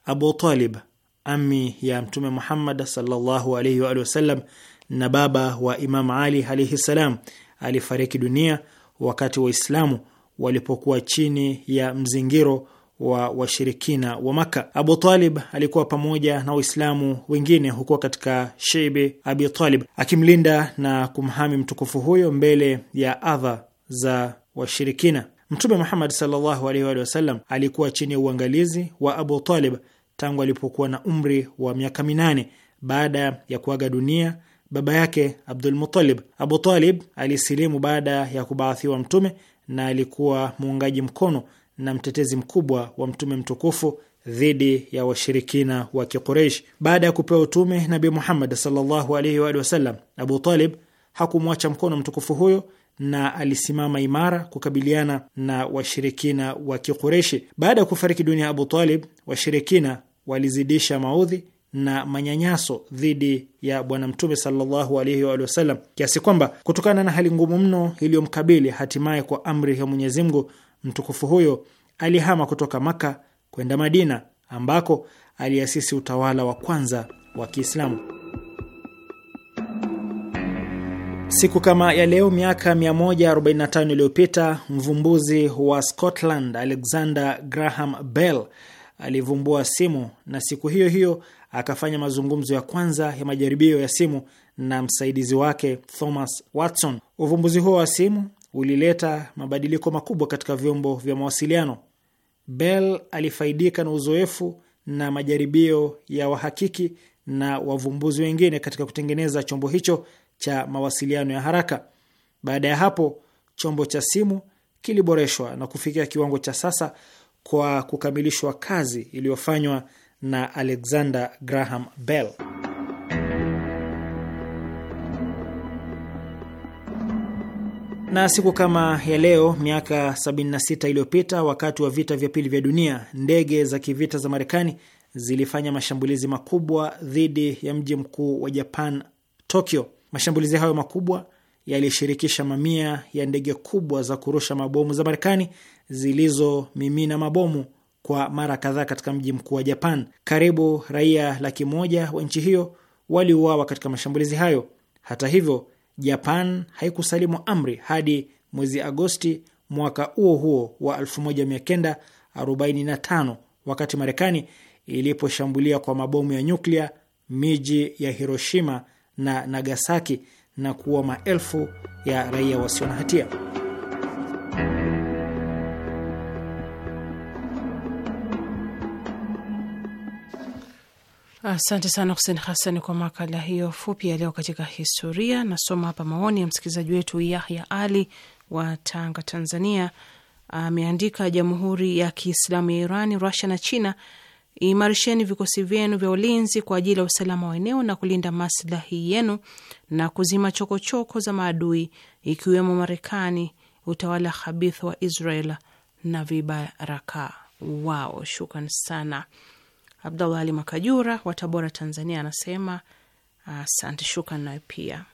Abu Talib ami ya Mtume Muhammad sallallahu alaihi wa alihi wasallam na baba wa Imam Ali alaihi ssalam, alifariki dunia wakati Waislamu walipokuwa chini ya mzingiro wa washirikina wa Maka. Abu Talib alikuwa pamoja na Waislamu wengine huko katika shibi Abi Talib, akimlinda na kumhami mtukufu huyo mbele ya adha za washirikina. Mtume Muhammad sallallahu alaihi sallam alikuwa chini ya uangalizi wa Abu Talib tangu alipokuwa na umri wa miaka minane. Baada ya kuaga dunia baba yake Abdulmutalib. Abu Talib alisilimu baada ya kubaathiwa Mtume na alikuwa muungaji mkono na mtetezi mkubwa wa Mtume mtukufu dhidi ya washirikina wa Kiquraish. Baada ya kupewa utume Nabi Muhammad sallallahu alaihi wa sallam, Abu Talib hakumwacha mkono mtukufu huyo na alisimama imara kukabiliana na washirikina wa Kikureshi. Baada ya kufariki dunia Abu Talib, washirikina walizidisha maudhi na manyanyaso dhidi ya Bwana Mtume sallallahu alaihi wa wasallam, kiasi kwamba kutokana na hali ngumu mno iliyomkabili, hatimaye kwa amri ya Mwenyezi Mungu mtukufu huyo alihama kutoka Maka kwenda Madina ambako aliasisi utawala wa kwanza wa Kiislamu. Siku kama ya leo miaka 145 iliyopita mvumbuzi wa Scotland Alexander Graham Bell alivumbua simu, na siku hiyo hiyo akafanya mazungumzo ya kwanza ya majaribio ya simu na msaidizi wake Thomas Watson. Uvumbuzi huo wa simu ulileta mabadiliko makubwa katika vyombo vya mawasiliano. Bell alifaidika na uzoefu na majaribio ya wahakiki na wavumbuzi wengine katika kutengeneza chombo hicho cha mawasiliano ya haraka. Baada ya hapo, chombo cha simu kiliboreshwa na kufikia kiwango cha sasa kwa kukamilishwa kazi iliyofanywa na Alexander Graham Bell. Na siku kama ya leo miaka 76 iliyopita, wakati wa vita vya pili vya dunia, ndege za kivita za Marekani zilifanya mashambulizi makubwa dhidi ya mji mkuu wa Japan, Tokyo. Mashambulizi hayo makubwa yalishirikisha mamia ya ndege kubwa za kurusha mabomu za Marekani zilizomimina mabomu kwa mara kadhaa katika mji mkuu wa Japan. Karibu raia laki moja wa nchi hiyo waliuawa katika mashambulizi hayo. Hata hivyo, Japan haikusalimu amri hadi mwezi Agosti mwaka huo huo wa 1945 wakati Marekani iliposhambulia kwa mabomu ya nyuklia miji ya Hiroshima na Nagasaki na kuua maelfu ya raia wasio na hatia. Asante sana Husen hasani kwa makala hiyo fupi ya leo katika historia. Nasoma hapa maoni ya msikilizaji wetu Yahya Ali wa Tanga, Tanzania. Ameandika, Jamhuri ya Kiislamu ya Iran, Rusia na China, imarisheni vikosi vyenu vya ulinzi kwa ajili ya usalama wa eneo na kulinda maslahi yenu na kuzima chokochoko choko za maadui ikiwemo Marekani, utawala habith wa Israel na vibaraka wao. Shukran sana. Abdallah Ali Makajura wa Tabora, Tanzania, anasema asante. Shukran nayo pia.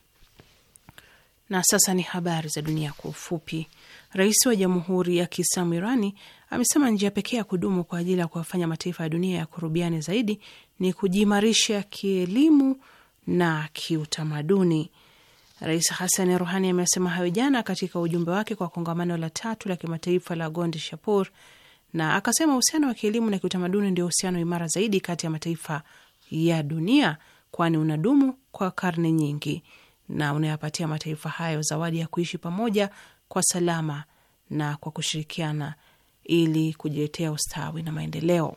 Na sasa ni habari za dunia kwa ufupi. Rais wa Jamhuri ya Kiislamu Irani amesema njia pekee ya kudumu kwa ajili ya kuwafanya mataifa ya dunia ya kurubiani zaidi ni kujiimarisha kielimu na kiutamaduni. Rais Hassan Ruhani amesema hayo jana katika ujumbe wake kwa kongamano la tatu la kimataifa la Gondi Shapur na akasema uhusiano wa kielimu na kiutamaduni ndio uhusiano imara zaidi kati ya mataifa ya dunia, kwani unadumu kwa karne nyingi na unayapatia mataifa hayo zawadi ya kuishi pamoja kwa salama na kwa kushirikiana ili kujiletea ustawi na maendeleo.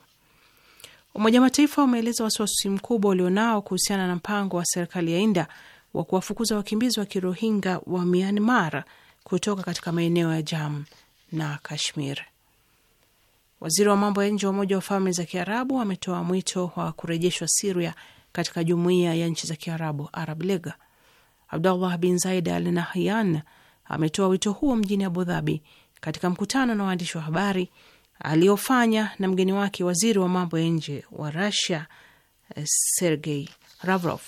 Umoja wa Mataifa umeeleza wasiwasi mkubwa ulionao kuhusiana na mpango wa serikali ya India wa kuwafukuza wakimbizi wa Kirohinga wa Myanmar kutoka katika maeneo ya Jammu na Kashmir. Waziri wa mambo ya nje wa Umoja wa Falme za Kiarabu ametoa mwito wa kurejeshwa Siria katika jumuiya ya nchi za Kiarabu, Arab lega Abdullah bin Zaid al Nahyan ametoa wito huo mjini Abu Dhabi katika mkutano na waandishi wa habari aliofanya na mgeni wake waziri wa mambo ya nje wa Rusia Sergei Lavrov.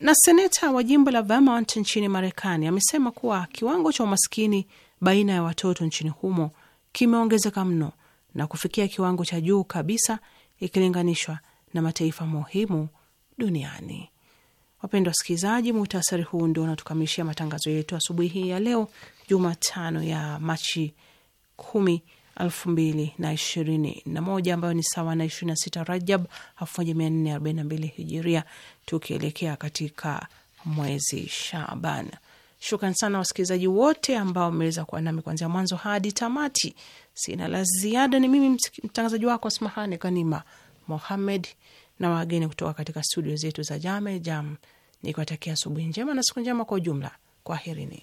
Na seneta wa jimbo la Vermont nchini Marekani amesema kuwa kiwango cha umaskini baina ya watoto nchini humo kimeongezeka mno na kufikia kiwango cha juu kabisa ikilinganishwa na mataifa muhimu duniani. Wapendwa wasikilizaji, muhtasari huu ndio unatukamilishia matangazo yetu asubuhi hii ya leo Jumatano ya Machi kumi elfu mbili na ishirini na moja ambayo ni sawa na ishirini na sita Rajab elfu moja mia nne arobaini na mbili hijiria tukielekea katika mwezi Shaban. Shukran sana wasikilizaji wote ambao mmeweza kuwa nami kuanzia mwanzo hadi tamati. Sina la ziada, ni mimi mtangazaji wako Asmahani Kanima Mohamed na wageni kutoka katika studio zetu za Jame Jam, nikiwatakia asubuhi njema na siku njema kwa ujumla. Kwaherini.